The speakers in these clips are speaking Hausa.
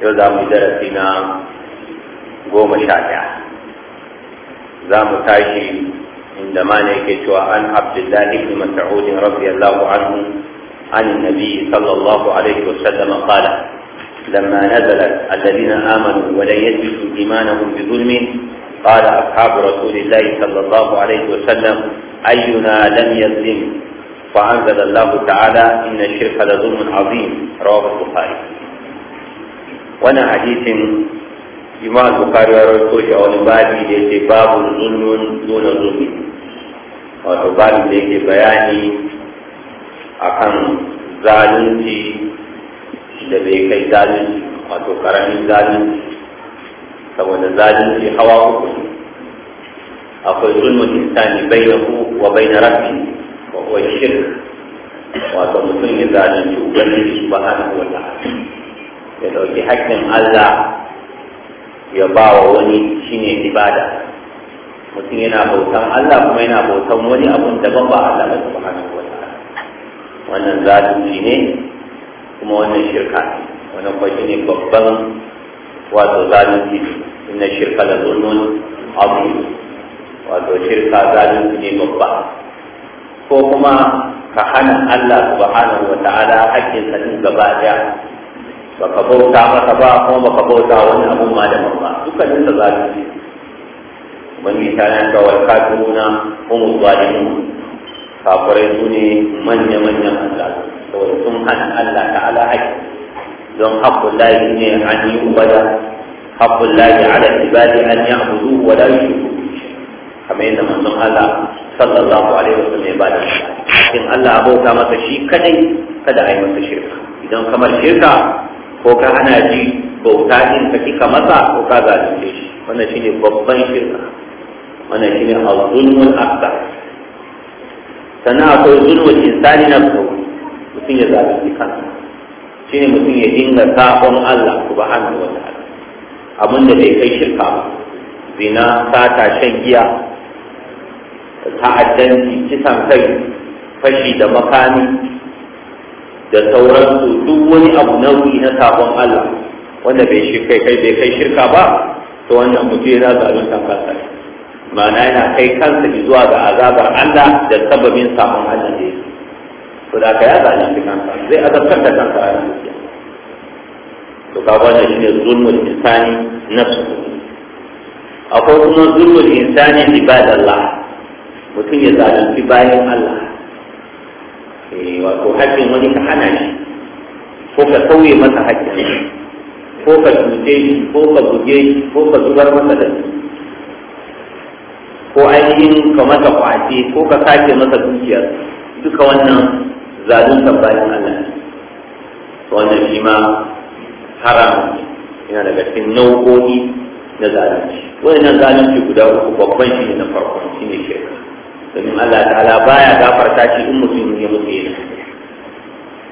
yau za mu darasi na goma sha ɗaya za عن عبد الله بن مسعود رضي الله عنه عن النبي صلى الله عليه وسلم قال لما نزلت الذين آمنوا ولن يلبسوا إيمانهم بظلم قال أصحاب رسول الله صلى الله عليه وسلم أينا لم يظلم فأنزل الله تعالى إن الشرك لظلم عظيم رواه البخاري wannan hadisin imam bukari ya rawaito shi a wani babi da yake babu zunnun duna zunubi wato babi da yake bayani akan zalunci da bai kai zalunci wato karamin zalunci saboda zalunci hawa uku akwai zulmun insani ku wa na rafi wa kuwa shirk wato mutum ya zalunci ubangiji subhanahu wata ta'ala ya ɗauki haƙƙin Allah ya ba wa wani shine ibada mutum yana bautan Allah kuma yana bautan wani abun daban ba Allah ba subhanahu wa ta'ala wannan zalunci ne kuma wannan shirka wannan kuma shine babban wato zalunci ne inna shirka la zulmun azim wato shirka zalunci ne babba ko kuma ka hana Allah subhanahu wa ta'ala haƙƙin sa gaba daya ba ka bauta masa ba kuma ba ka bauta wani abun ma da ba dukkanin da zalunci ubangiji ta yanka wal kafiruna hum zalimun kafirai su ne manya-manyan Allah saboda sun hana Allah ta'ala haƙƙi don haƙƙun lahi ne an yi ubada haƙƙun lahi ala ibadi an yi abudu wa la yi kamar yadda manzon Allah sallallahu alaihi wa sallam ya shi. in Allah abauta masa shi kadai kada a yi masa shirka idan kamar shirka ko ka hana ji bauta din ka kika masa ko ka zalunce shi wannan shine babban shirka wannan shine al-zulmul akbar sannan akwai zulmul insani na mutum ya zalunci kansa shine mutum ya dinga sabon Allah subhanahu wa ta'ala abin da bai kai shirka ba zina sata shan giya ta'addanci kisan kai fashi da makami da sauransu duk wani abu nauyi na sabon Allah wanda bai shi kai kai bai kai shirka ba to wannan mutum yana zalun kansa ma'ana yana kai kansa zuwa ga azabar Allah da sababin sabon Allah da to da ka ya zalunci kansa zai azabtar da kansa a ranar to ka wannan shine zulmul insani nafsu akwai kuma zulmul insani ibadallah mutum ya zalunci bayan Allah Eh, wato haƙƙin wani ka hana shi ko ka sauye masa haƙƙin ko ka cuce shi ko ka buge shi ko ka zubar masa da shi ko ainihin ka masa kwace ko ka sace masa dukiyar duka wannan zalunta bayan Allah wannan shi ma haram yana daga cikin nau'o'i na zalunci wannan zalunci guda uku babban shi ne na farko shi ne shirka domin Allah ta'ala baya gafarta shi in mutum ya mutu yana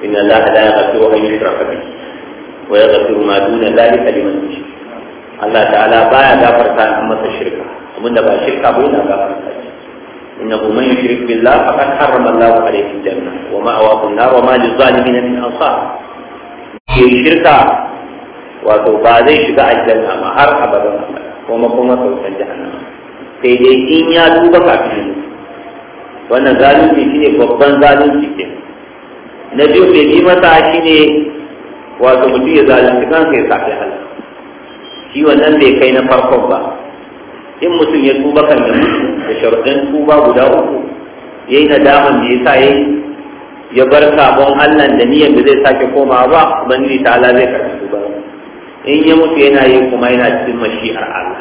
in Allah ta ya kafi wa hanyar rafabi wa ya kafi ma duna lalik aliman shi Allah ta'ala baya gafarta in masa shirka abin da ba shirka ba yana gafarta shi inna hu man yushrik billah faqad harrama Allah alayhi al-janna wa ma'wa an-nar wa ma lidh-dhalimin min ansar shi shirka wato ba zai shiga aljanna ma har abadan kuma kuma sautan jahannama sai dai in ya duba kafin wannan zalunci ne babban zalunci ke na biyu bai bi masa ne. wato mutum ya zalunci kansa ya sake Allah shi wannan bai kai na farkon ba in mutum ya tuba kan ya da sharuɗin tuba guda uku yayi nadaman da ya sa yayi ya bar sabon Allah da niyyar da zai sake komawa ba ubangiji ala zai karɓi tuba in ya mutu yana yi kuma yana cikin mashi'ar Allah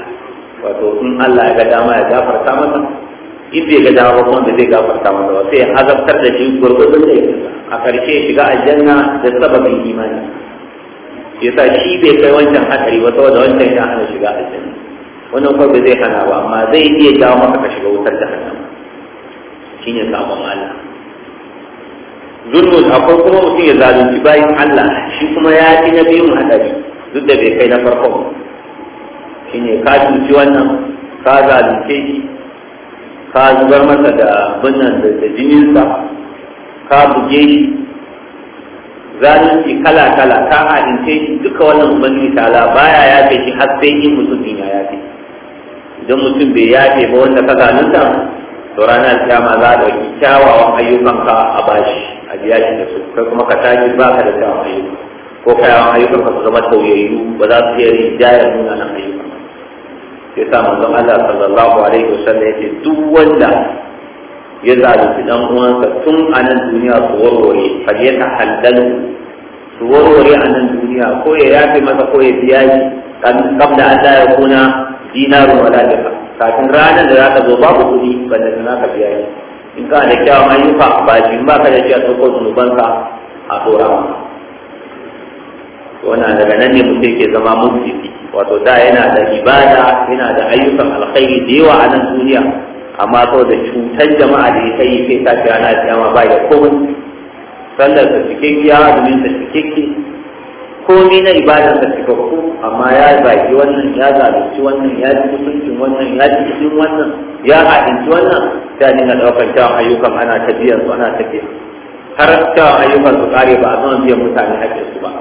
wato in Allah ya ga dama ya gafarta masa in bai ga ba kuma da zai gafarta masa ba sai azabtar da shi gurgurdun da yake a karshe shiga aljanna da sababin imani sa shi bai kai wancan hatsari ba saboda wancan ya hana shiga aljanna wannan kuma bai zai hana ba amma zai iya jawo maka ka shiga wutar da shi ne sabon Allah zulmun akwai kuma mutum ya zalunci bayan Allah shi kuma ya ci na biyun hatsari duk da bai kai na farko shine ka cuci wannan ka zalunce shi ka zubar masa da binnan da jininsa ka buge shi zalunci kala kala ka halince shi duka wannan ubangiji ta'ala baya yafe shi har sai in mutum din ya yafe idan mutum bai yafe ba wanda ka zalunta to ranar kiyama za a ɗauki kyawawan ka a bashi a biya shi da su kai kuma ka tashi ba ka da kyawawan ayyuka ko ayyukan ka su zama tauyayyu ba za su iya rinjayar nuna nan ayyuka ya sa manzon Allah sallallahu alaihi wasallam ya ce duk wanda ya zalunci dan uwansa tun a nan duniya su warware fal ya tahallalu su warware a nan duniya ko ya yafe masa ko ya biya shi kabda Allah ya kuna dinaru wala ka kafin ranar da za ka zo babu kuɗi banda da ka biya shi in ka da kyawawan ayyuka ba shi ba ka da shi a ɗauko zunubanka a tsorawa wannan daga nan ne mutum ke zama mutum wato da yana da ibada yana da ayyukan alkhairi da yawa a nan duniya amma sau da cutar jama'a da ya yi sai tafi ana kiyama ba ya komai sallar ta cikakke ya da ta Ko komai na ibada ta cikakku amma ya zaki wannan ya zalunci wannan ya ji mutuncin wannan ya ji cikin wannan ya haɗinci wannan ta dinga ɗaukar cewa ayyukan ana tafiya su ana tafiya har cewa ayyukan su kare ba a zama biyan mutane haƙƙinsu ba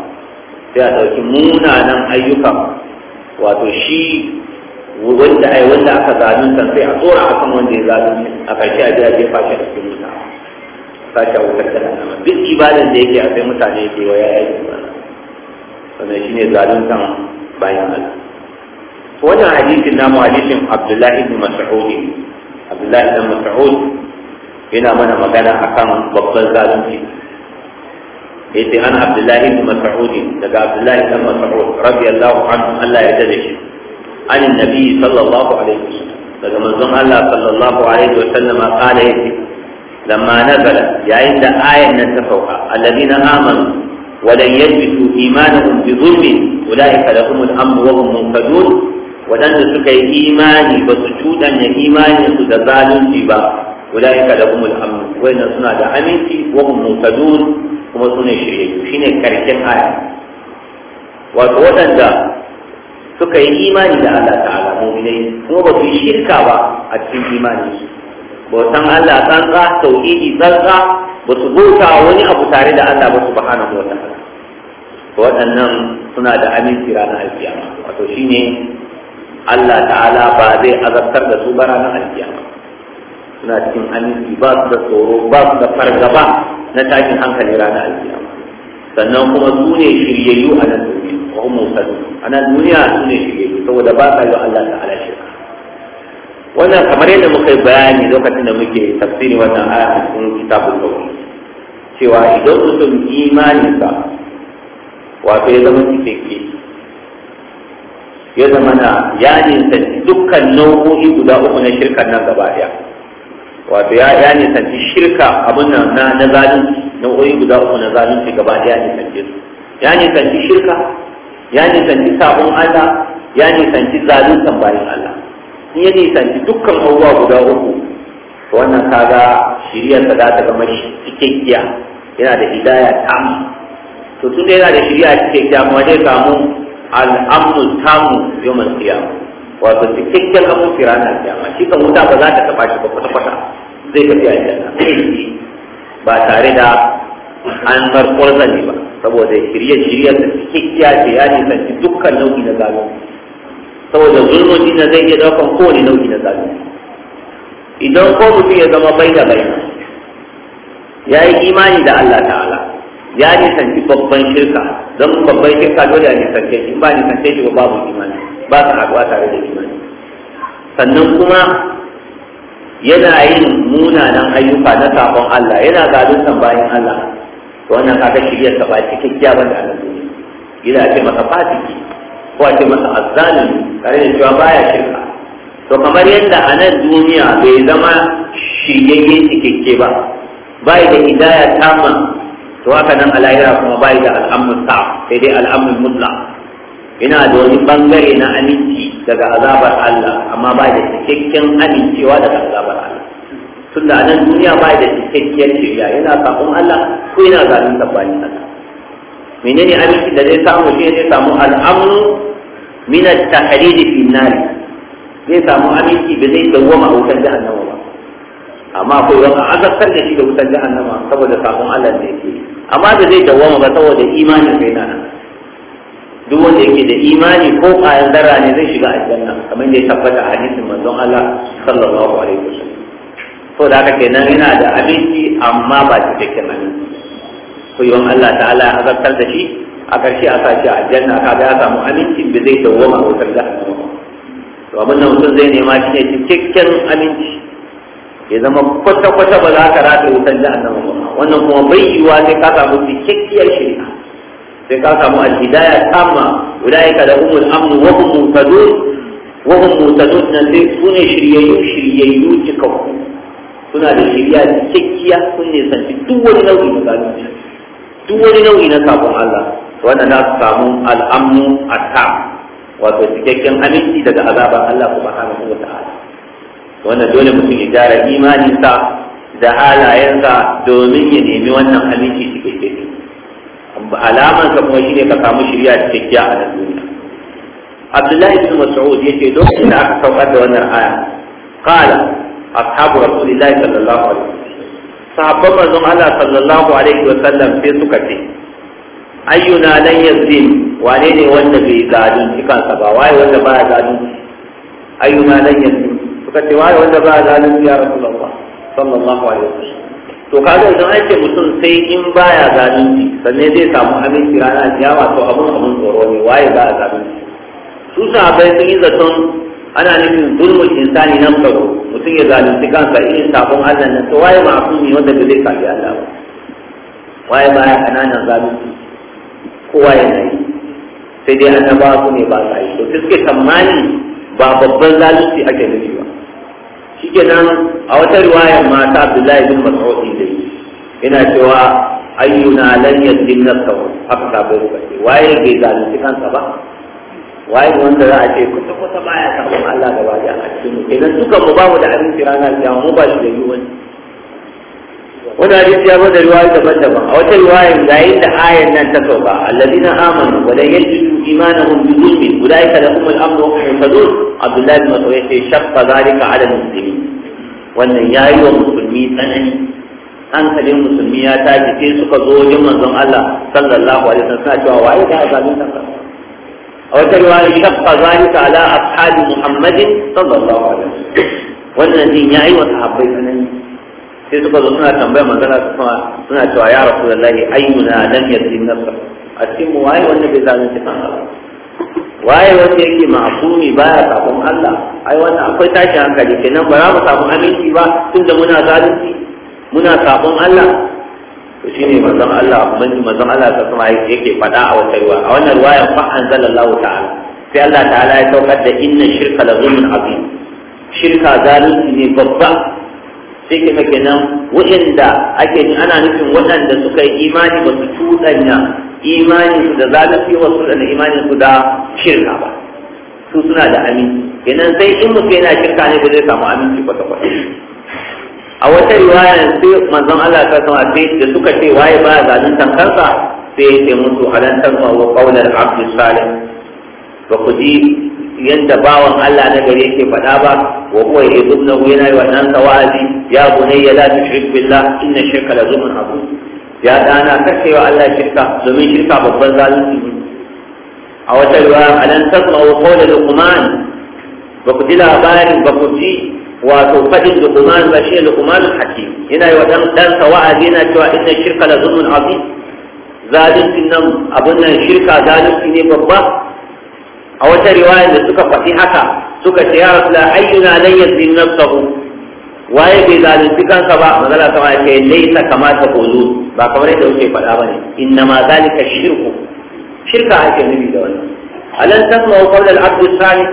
sai a ɗauki munanan ayyukan wato shi wanda ai wanda aka zalunta sai a tsora akan wanda ya zalunta a karshe a jira jefa shi a cikin wuta sashi a wutar da nama duk ibadan da yake a sai mutane ke wa ya yi wannan sannan shine zaluntan bayan Allah wannan hadisin namu hadisin Abdullahi ibn Mas'ud Abdullahi ibn Mas'ud yana mana magana akan babban zalunci yace an abdullahi ibn mas'ud daga abdullahi ibn mas'ud radiyallahu anhu Allah ya yarda shi an annabi sallallahu alaihi wasallam daga manzon Allah sallallahu alaihi wasallam kana yace lamma nazala yayin da ayan nan ta sauka alladina amanu ولن يلبسوا إيمانهم بظلم أولئك لهم الأمر وهم مهتدون waɗanda suka yi imani ba su cuɗanya imaninsu da zalunci ba ulaika lahum al-amn wayna suna da aminci wa hum muhtadun kuma su ne shirye shi ne karshen aya wato waɗanda suka yi imani da Allah ta'ala mu'minai kuma ba su yi shirka ba a cikin imani san Allah tsantsa tauhidi tsantsa ba su bauta wani abu tare da Allah ba subhanahu wa ta'ala waɗannan suna da aminci ranar alkiyama wato shine Allah ta'ala ba zai azabtar da su ba ranar alkiyama suna cikin aminci ba su da tsoro ba su da fargaba na tashin hankali ranar alkiyama sannan kuma su ne shiryayyu a nan duniya wa hum musalun a nan duniya su ne shiryayyu saboda ba sa yi Allah ta'ala shirka wannan kamar yadda muka yi bayani lokacin da muke tafsirin wannan aya a cikin kitabun tauhid cewa idan mutum imaninsa wato ya zama cikakke ya zama na ya nisanci dukkan nau'o'i guda uku na shirkan nan gaba ɗaya wato ya ya ne santi shirka abin nan na na zalunci nau'o'i guda uku na zalunci gaba ɗaya ne santi su ya ne santi shirka ya ne santi sabon Allah ya ne santi zaluntan bayan Allah in ya ne santi dukkan abubuwa guda uku wannan kaga shiriyar ta da ta ga mashi cikakkiya yana da hidaya tamu to tun da yana da shiriya cikakkiya kuma zai samu al'amnu tamu yawmal qiyamah wato cikakken abin firana kyamma shi kan wuta ba za ta taba shi ba kwata kwata zai tafi aljanna ba tare da an bar kwarzani ba saboda shirye shirye da cikakkiya ce ya nisanci dukkan nau'i na zalunci saboda zulmoji na zai iya daukan kowane nau'i na zalunci idan ko mutum ya zama bai da bai ya yi imani da Allah ta'ala ya nisanci babban shirka don babban shirka dole a nisance shi ba nisance shi ba babu imani ba sa haɗuwa tare da imani sannan kuma yana yin munanan ayyuka na sabon Allah yana zaluntan bayan Allah to wannan kaga shirya ta ba cikakkiya ba da Allah ila ce masa fasiki ko a ce masa azzalimi tare da cewa baya shirka to kamar yadda a nan duniya bai zama shiryayye cikakke ba bai da hidaya tama to haka nan a lahira kuma bai da al'amur sa sai dai al'amur mutla ina da wani bangare na aminci daga azabar Allah amma ba da cikakken amincewa daga azabar Allah tunda a nan duniya ba da cikakkiyar shirya yana sakon Allah ko ina zalin tabbani Allah menene aminci da zai samu shi zai samu al'amru min at-tahridi fi nar zai samu aminci da zai dawwama wutar jahannama ba amma akwai wani azabtar da shi da wutar jahannama saboda sakon Allah da yake amma da zai dawwama ba saboda imanin kai na nan duk wanda yake da imani ko kayan dara ne zai shiga aljanna kamar da ya tabbata a hadisin manzon Allah sallallahu alaihi wasallam to da haka nan yana da abinci amma ba cikakken aminci ko yawan Allah ta'ala ya azabtar da shi a ƙarshe aka ce a aljanna ga ya samu amincin bai zai dawwama a wutar jahannama to abin da mutum zai nema shi ne cikakken aminci ya zama kwata-kwata ba za ka rata wutar da ba wannan kuma bai yiwuwa sai ka samu cikakkiyar shiri sai ka samu al-hidayah tamma ulaika lahumul amn wa hum muhtadun wa hum muhtadun nan sai sune shiryayyu shiryayyu cikakku suna da shirya cikakkiya sun ne sanci duk wani nau'i na zalunci duk wani nau'i na sabon Allah Wannan za su samu al-amn at-tam wato cikakken aminci daga azaban Allah subhanahu wa ta'ala wannan dole mutum ya gyara imaninsa da halayensa domin ya nemi wannan aminci cikin ba alaman ka kuma shine ka samu shirya cikakkiya a nan duniya Abdullahi bin Mas'ud yace lokacin da aka saukar da wannan aya qala ashabu rasulillahi sallallahu alaihi wasallam sahabban manzon Allah sallallahu alaihi wa Sallam sai suka ce ayyuna lan yazlim wane ne wanda bai zalunci kansa ba waye wanda ba zalunci ayyuna lan yazlim suka ce waye wanda ba zalunci ya rasulullah sallallahu alaihi wasallam to ga idan ake mutum sai in baya zalunci sannan zai samu aminci rana kiyama to abun abun tsoro ne waye ba zalunci su sahabbai sun yi zaton ana nufin zulmul insani nan kago mutum ya zalunci kansa in sabon Allah nan to waye a ne wanda bai zai kafi Allah ba waye ya kananan zalunci ko waye yi sai dai annabawa su ne ba sai yi to suke tsammani ba babban zalunci ake nufi nan a wata riwayar ma Abdullahi bin Mas'ud dai ina cewa ayyuna lan yajin nafsahu haka sabai suka ce waye bai zalunci kansa ba waye wanda za a ce kusa kusa baya samun Allah gaba da a cikin mu idan dukan mu bamu da abinci ranar kiyama mu ba shi da yiwuwan wani hadisi ya bada riwaya daban-daban a wata riwaya yayin da ayan nan ta sauka alladina amanu wa lan yajidu إيمانهم بظلم أولئك لهم الأمر وهم يهتدون عبد الله بن مسعود يقول شق ذلك على المسلمين wannan ya yi wa musulmi tsanani hankalin musulmi ya tashi sai suka zo wajen manzon Allah sallallahu alaihi wasallam suna cewa waye da azabin nan a wata riwaya shaqqa zalika ala ashabi muhammadin sallallahu alaihi wasallam wannan din yayi wa sahabbai tsanani sai suka zo suna tambaya su kuma suna cewa ya rasu da lahi ayyuna nan ya zai nasa a cikin mu waye wanda bai zanen cikin Allah waye wanda yake ma'asumi Allah ai wannan akwai tashin hankali kenan ba za mu samu aminci ba tunda muna zalunci muna sabon Allah to ne manzon Allah mun manzon Allah ta kuma yake faɗa a wata ruwa a wannan ruwayan fa anzalallahu ta'ala sai Allah ta'ala ya saukar da inna shirka la zulmun azim shirka zalunci ne babba sai ke kenan waɗanda ake ana nufin waɗanda suka yi imani ba su cuɗanya imanin su da zalafi wa su da imanin su da shirka ba su suna da aminci kenan sai in mutum yana shirka ne ba zai samu aminci kwata kwata a wata riwaya sai manzon Allah ta sama sai da suka ce waye ba zaluntan kansa sai ya ce musu alantar wa qawlan abdus salih ba ku ji yanda bawan Allah na gari yake faɗa ba wa huwa yadunnahu yana yi wannan tawazi ya bunayya la tushrik billah inna shirka la zulmun abu ya dana kace wa Allah shirka domin shirka babban zalunci ne a wata riwaya alan tasma'u qawla luqman ba ku ji labarin ba ku ji wato faɗin luqman ba shi luqman hakim yana yi wannan dan tawazi yana cewa inna shirka la zulmun abu zalunci nan abun nan shirka zalunci ne babba a wata riwaya da suka faɗi haka suka ce ya rasu da ayyuna lan yazin nafsahu waye bai zalunci kansa ba magana sama ya ce laisa kamata ko qulu ba kamar yadda kuke faɗa ba ne. inna ma zalika shirku shirka ake nufi da wannan alan tasma'u qawla al-abd as-salih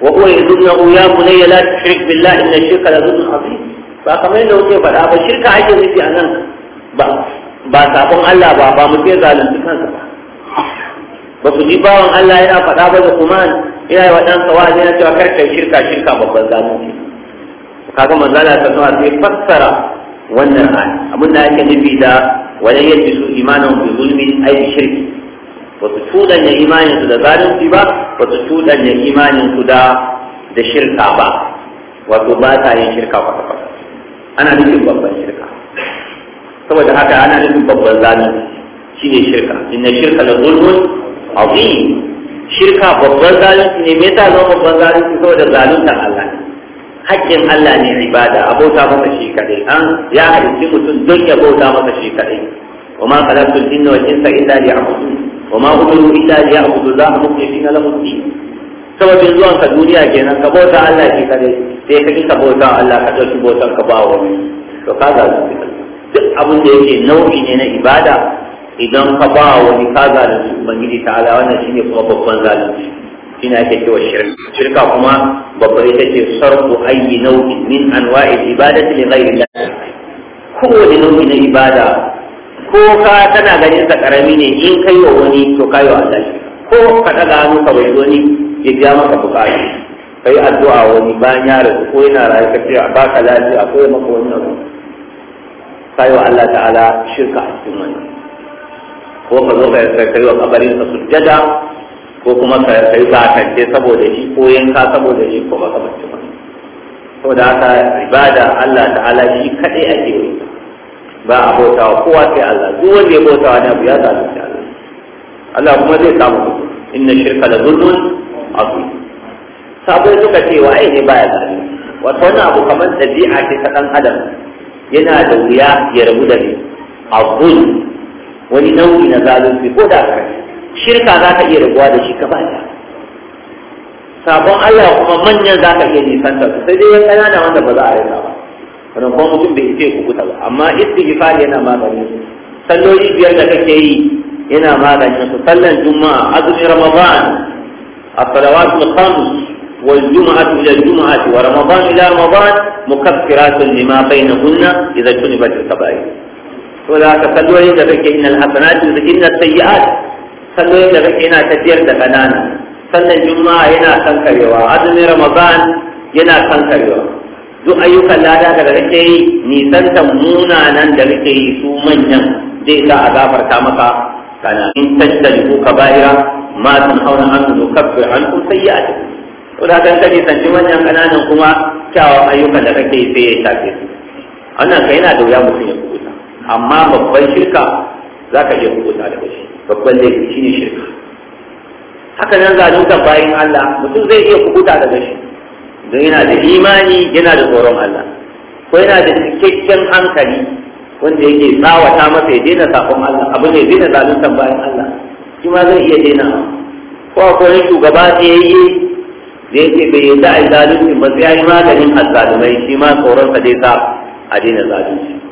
wa huwa yadunnahu ya bunayya la tushrik billahi inna shirka la dhulmun azim ba kamar yadda kuke faɗa ba shirka ake nubi a nan ba ba sabon Allah ba ba mutum zalunci kansa ba ba ku ji bawan Allah yana faɗa ba da kuma ina yi waɗansa wa'azi yana cewa karkai shirka shirka babban zalunci kaga manzala ta zuwa sai fassara wannan ayi abin da ake nufi da wani yadda su imanin bi zulmin ai bi shirki ba su cuɗanya imanin su da zalunci ba ba su cuɗanya imanin su da da shirka ba wato ba ta yin shirka kwata-kwata ana nufin babban shirka saboda haka ana nufin babban zalunci shine shirka inna shirka la zulmun azim shirka babban zalunci ne me yasa zama babban zalunci saboda zalunta Allah ne? Haƙƙin Allah ne ibada a bauta masa shi kaɗai an ya halicci mutum don ya bauta masa shi kaɗai wa ma khalaqtul jinna wal insa illa liya'budun wa ma umiru za a Allah mukhlishina lahu din sababin zuwan ka duniya kenan ka bauta Allah shi kaɗai sai ka ƙi ka bauta Allah ka dauki bautar ka ba wa to ka zalunci duk abin da yake nau'i ne na ibada idan ka ba wani ka zalunci ubangiji ta ala wannan shine kuma babban zalunci shine ake cewa shirka shirka kuma babbar ita ce Sarku, ayi nau'i min anwa'i ibadati li ghairi Allah wani nau'i na ibada ko ka tana ganin sa karami ne in kai wa wani to kai wa Allah ko ka daga hannu ka bai wani ya biya maka bukatu kai addu'a wani bayan ya rasu ko yana rayu ka ce ba ka lafiya ko ya maka wani abu kai wa Allah ta'ala shirka a cikin wannan ko ka zo ka kai wa kabarin sa sujjada ko kuma ka kai zakance saboda shi ko yanka saboda shi ko makamanci ba saboda haka ibada Allah ta'ala shi kadai ake yi ba a bautawa kowa sai Allah duk wanda ya bautawa da abu ya zalunci Allah Allah kuma zai samu inna shirka la zulmun azim sabai suka ce wa ai ne baya zalunci wato wani abu kamar dabi'a ce ta dan adam yana da wuya ya rabu da ni abun wani nau'i na zalunci ko da kai shirka za ka iya rabuwa da shi gaba da sabon Allah kuma manyan za ka iya nisanta su sai dai yan ƙanana wanda ba za a rasa ba wannan kuma mutum bai ce ku kuta ba amma istighfar yana maganin su salloli biyar da kake yi yana maganin su sallan juma'a azumi ramadan الصلوات الخمس والجمعة إلى الجمعة ورمضان إلى رمضان مكفرات لما بينهن إذا جنبت الكبائر to da ka kallolin da kake innal hasanatu yuzhibna sayyi'at kallolin da kake yana tafiyar da kanana sannan juma'a yana kankarewa azumin ramadan yana kankarewa duk ayyukan lada da kake yi nisantan munanan da kake yi su manyan zai sa a ta maka kana in tajtalibu kaba'ira ma tanhauna an ku ankum sayyi'atikum da kan kaje sanci manyan kananan kuma kyawawan ayyukan da kake sai ya tafi su wannan kai yana da wuya mutum ya amma babban shirka za ka iya hukunta da shi babban laifi shi ne shirka haka nan zaluntar bayan Allah mutum zai iya kubuta daga shi don yana da imani yana da tsoron Allah ko yana da cikakken hankali wanda yake tsawata masa ya daina sakon Allah abu ne daina zaluntar bayan Allah shi ma zai iya daina ko akwai shugaba yi da yake bai za a zalunci ba sai ya yi maganin azzalumai shi ma tsoronsa dai sa a daina zalunci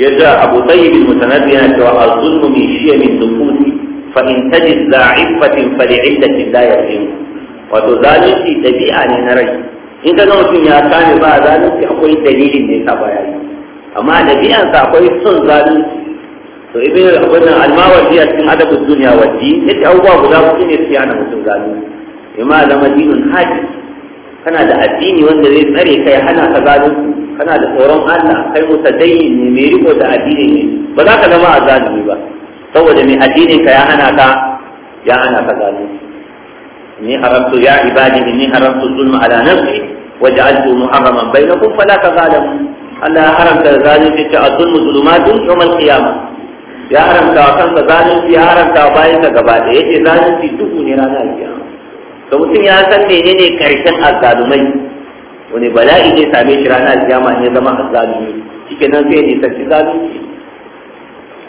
yadda abu tayyib al-mutanabbi yana cewa az-zulmu min shiya min nufusi fa in tajid za'ifatin fa li'illatin la yaqim wato zalunci dabi'a ne na rai in ka ga mutum ya kame ba zalunci akwai dalilin da yasa baya yi amma dabi'ansa akwai son zalunci to ibn al-abun al-mawardi a cikin adabu duniya wadi yace abubuwa guda su ne su yana mutum zalunci imma zama dinin haji kana da addini wanda zai tsare kai hana ka zalunci kana da tsoron Allah kai mutadayyin ne mai riko da addini ne ba za ka zama a zalimi ba saboda mai addinin ka ya hana ka ya hana ka zalunci ni haramtu ya ibadi inni haramtu zulma ala nafsi waj'altu muharraman bainakum fala tazalamu Allah ya haramta zalunci ta azulmu zulumatun yawm al-qiyamah ya haramta wa kanka zalunci ya haramta wa ka gaba da yake zalunci duhu ne ranar kiyama da mutum ya san menene karshen azzalumai wani bala'i ne same shi ranar alkiyama ne zama azzalumi Cike nan sai ne sarki zalunci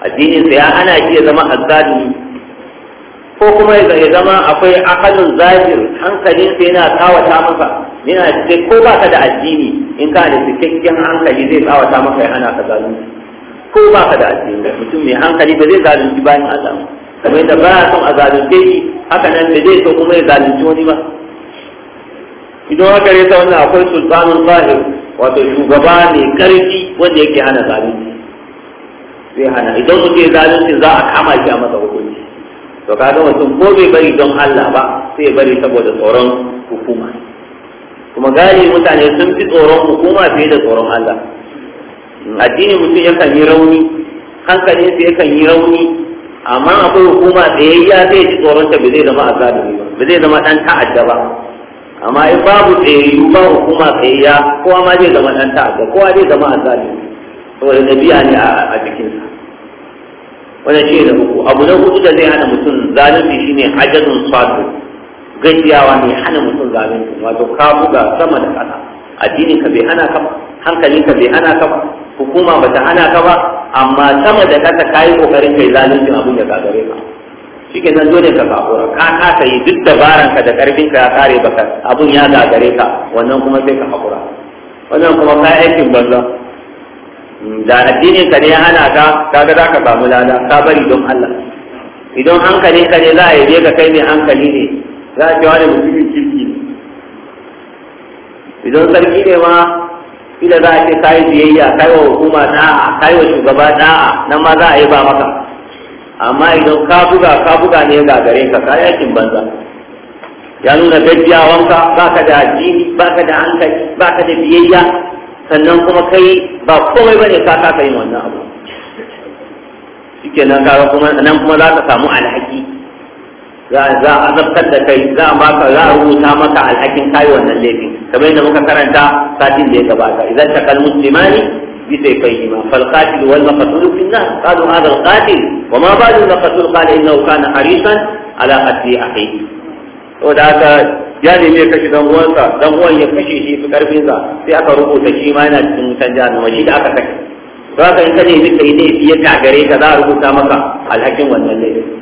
addinin sa ya ana shi ya zama azzalumi ko kuma ya zama akwai akalin zahir hankalin sa yana kawata masa yana cikin ko ba ka da addini in ka da cikakken hankali zai kawata maka ya ana ka zalunci ko ba ka da addini mutum mai hankali ba zai zalunci bayan Allah kamar yadda ba ya son a zalunce shi haka nan da zai so kuma ya zalunci wani ba idan haka ne ta wannan akwai sultanun zahir wato shugaba mai karfi wanda yake hana zalunci zai hana idan mutum ya zalunci za a kama shi a masa hukunci to kaga mutum ko bai bari don Allah ba sai bari saboda tsoron hukuma kuma gari mutane sun fi tsoron hukuma fiye da tsoron Allah addini mutum yakan yi rauni hankalin yakan yi rauni amma akwai hukuma tsayayya zai ji tsoron ta ba zai zama azalimi ba ba zai zama dan ta'adda ba amma in babu yi ba hukuma tsayayya kowa ma zai zama dan ta'adda kowa zai zama a azalimi saboda dabi'a ne a jikinsa wani shi ne uku abu na hudu da zai hana mutum zalunci shine hajjadun sadu gajiyawa ne hana mutum zalunci wato ka buga sama da ƙasa addinin ka bai hana ka ba hankalinka bai hana ka ba hukuma bata hana ka ba amma sama da kasa kayi kokarin kai zalunci abun da gagare ka ke nan dole ka kafura ka kasa yi duk dabaran ka da karfin ka ya kare baka abun ya gagare ka wannan kuma sai ka hakura wannan kuma ka aikin banza hmm, da addinin ka ne ya hana ka ga za ka samu lada ka bari don Allah idan hankali ka ne za a yi ka kai mai hankali ne za a ce wani mutumin kirki ne idan sarki ne ma kila za a ce kayi biyayya kai wa hukuma da'a kai wa shugaba da'a nan ma za a yi ba maka amma idan ka buga ka buga ne ga gare ka ka yakin banza ya nuna wanka ba ka da addini ba ka da hankali ba ka da biyayya sannan kuma kai ba komai bane ka ka yi wannan abu shi kenan kuma nan kuma za ka samu alhaki za a azabtar da kai za a baka za a rubuta maka alhakin kai wannan laifin kamar yadda muka karanta satin da ya gabata idan takal muslimani bi sayfayhima fal qatil wal maqtul fi an-nar qalu hadha al qatil wa ma balu al maqtul qala innahu kana harisan ala qatli akhihi to da haka ya nemi ya kashe dan uwansa dan uwan ya kashe shi fi karfin sa sai aka rubuta shi ma yana cikin wutan jahannama shi da aka kashe to haka in ka nemi kai ne ya gare ka za a rubuta maka alhakin wannan laifin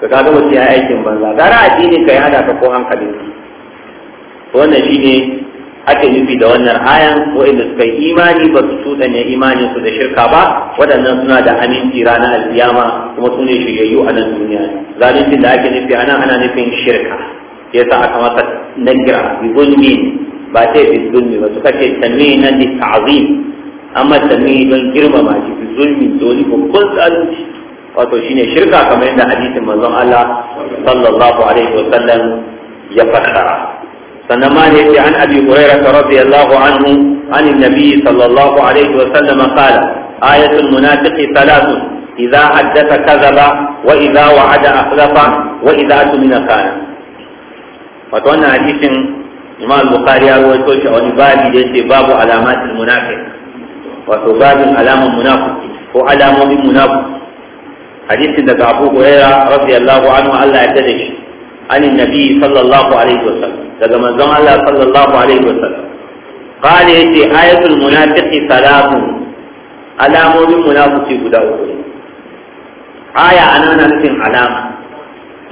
kaga ka ga mutum ya aikin banza gara addini ka yana ka ko hankalin wannan shi ne ake nufi da wannan ayan wa'inda suka yi imani ba su tudanya imanin su da shirka ba waɗannan suna da aminci rana alkiyama kuma su ne shiryayyu a nan duniya zalincin da ake nufi ana ana nufin shirka ya sa aka masa nagira bi zulmi ba sai bi zulmi ba suka ce tamme na li ta'zim amma tamme don girmama shi bi zulmi dole babban zalunci wato shine shirka kamar yadda hadisin manzon Allah sallallahu alaihi wa sallam ya fassara sannan ma ne an abi hurairah radiyallahu anhu an annabi sallallahu alaihi wa sallam qala ayatul munafiqi thalathun idza haddatha kadhaba wa idza wa'ada akhlafa wa idza tumina kana wato wannan hadisin imam bukhari ya rawaito shi a wani babi da yake babu alamatul munafiq wato babin alamun munafiki ko alamomin munafiki hadisin daga Abu Hurairah radiyallahu anhu Allah ya tada shi an annabi sallallahu alaihi wasallam daga manzon Allah sallallahu alaihi wasallam qala yace ayatul munafiqi salatu alamomin munafiki guda uku aya anana cikin alama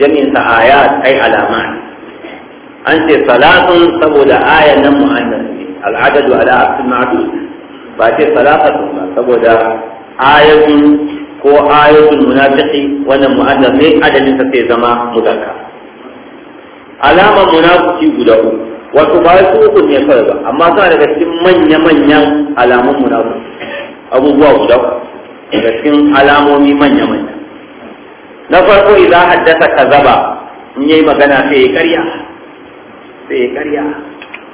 jami'in sa ayat ay alamat an ce salatun saboda ayan nan mu'annas al'adadu ala asma'u ba ce salatun saboda ayatun ko ayatul munafiqi wannan mu'addas sai adadin sa sai zama mudanka alama munafiki guda uku wato ba su uku ne kawai ba amma suna daga cikin manya-manyan alamun munafiki abubuwa guda uku daga cikin alamomi manya-manya na farko idan haddasa kazaba in yayi magana sai ƙarya karya sai ƙarya karya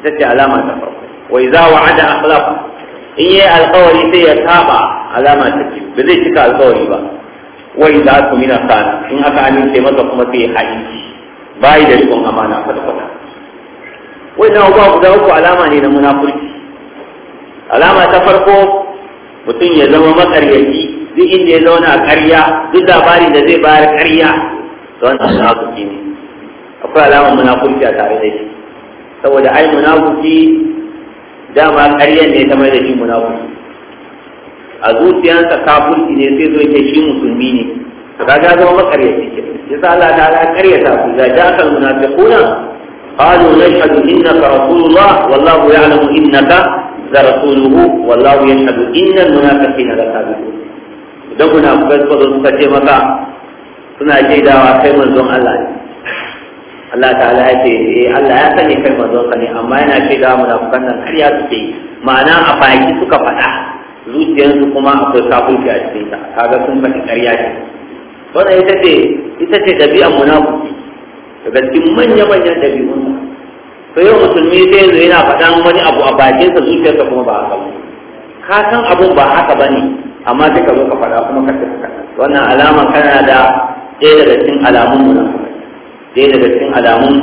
tace alama ta farko wa idza wa'ada akhlafa in yi alkawari sai ya saba alama ta biyu ba zai cika alkawari ba wai za su mina sana in aka amince masa kuma sai ya ha'inci bayi da rikon amana kwata-kwata wai na ba guda uku alama ne na munafurci alama ta farko mutum ya zama makaryaci duk inda ya zauna a karya duk labarin da zai bayar karya to wannan munafurci ne akwai alamar munafurci a tare da shi saboda ai munafurci dama ƙaryan ne ta mai da shi munafiki a zuciyansa kafirci ne sai zo yake shi musulmi ne kaga zama makaryaci ke yasa Allah ta ala ƙaryata su da jaka munafiquna qalu nashhadu innaka rasulullah wallahu ya'lamu innaka la rasuluhu wallahu yashhadu innal munafiqina lakadibun idan munafiqai suka zo suka ce maka suna shaidawa kai manzon Allah ne Allah ta'ala ya ce eh Allah ya sani kai ma sa sani, amma yana ce da munafukan nan karya suke ma'ana a baki suka faɗa zuciyarsu kuma akwai kafirci a cikin ta kaga sun faɗi karya ce wannan ita ce ita ce ɗabi'ar munafiki daga cikin manya-manyan ɗabi'un sa to yau musulmi sai yanzu yana faɗan wani abu a bakinsa zuciyarsa kuma ba haka ba ka san abun ba haka ba ne amma sai ka zo ka faɗa kuma ka tafi wannan alama kana da ɗaya daga cikin alamun munafiki ɗaya daga cikin alamun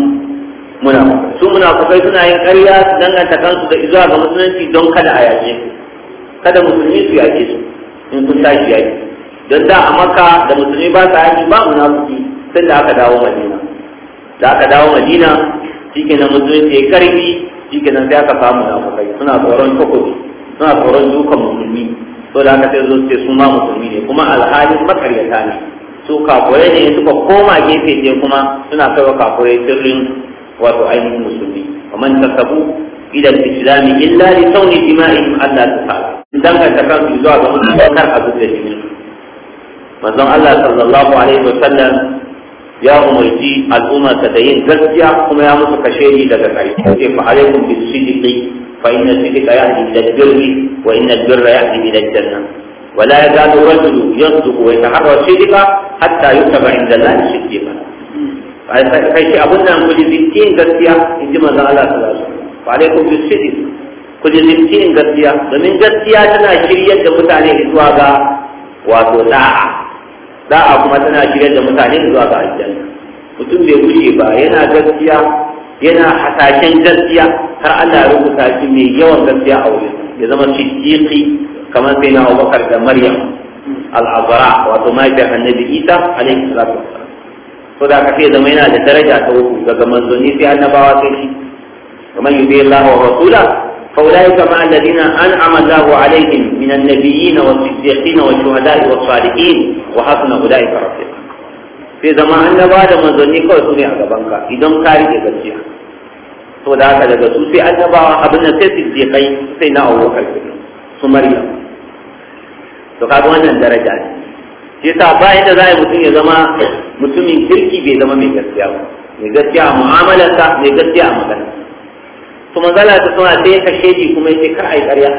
muna su munafukai suna yin ƙarya su danganta kansu da izuwa ga musulunci don kada a yaƙe su kada musulmi su yaƙe su in kun tashi yaƙi don da a maka da musulmi ba sa yaƙi ba munafuki sai da aka dawo madina da aka dawo madina shikenan musulunci ya karfi shikenan sai aka samu munafukai suna tsoron takobi suna tsoron dukan musulmi to da aka sai zo sai su ma musulmi ne kuma alhalin makaryata ne su kafurai ne suka koma gefe ne kuma suna kai wa kafurai sirrin wato ainihin musulmi wa man takabu ila al-islam illa li sauni jima'in Allah sa dan ka ta kan zuwa ga musulmi kar abu da jini manzon Allah sallallahu alaihi wa sallam ya umarci al'umma ta da yin gaskiya kuma ya musu kashe ni daga kai sai fa alaikum bis-sidqi fa inna sidqa yahdi ila al-birri wa inna birra yahdi ila al-jannah ولا يزال الرجل يصدق ويتحرى صدقا حتى يكتب عند الله صديقا kai shi abun nan kuli gaskiya in ji manzon Allah sallallahu alaihi wasallam wa alaikum bisidq kuli zittin gaskiya domin gaskiya tana shiryar da mutane zuwa ga wato da'a da'a kuma tana shiryar da mutane zuwa mutum bai gushe ba yana gaskiya yana hasashen gaskiya har Allah ya rubuta shi mai yawan gaskiya a wurin ya zama siddiqi kamar sai na abubakar da maryam al'azara wato mahaifiyar annabi isa alaihi salatu wasalam to da ka sai zama yana da daraja ta uku daga manzoni sai annabawa sai shi kamar yubi Allah wa rasula فأولئك مع الذين أنعم الله عليهم من النبيين wa والشهداء والصالحين وحسن أولئك رفيقا sai zama annabawa da manzoni kawai su ne a gaban ka idan ka rike gaskiya to da aka daga su sai annabawa abin da sai siddiqai sai na abubakar su maryam to kaga wannan daraja ne shi yasa ba yadda za a yi mutum ya zama mutumin kirki bai zama mai gaskiya ba mai gaskiya a mu'amalarsa mai gaskiya a magana to manzala ta suna sai ka shedi kuma ce kar ai ƙarya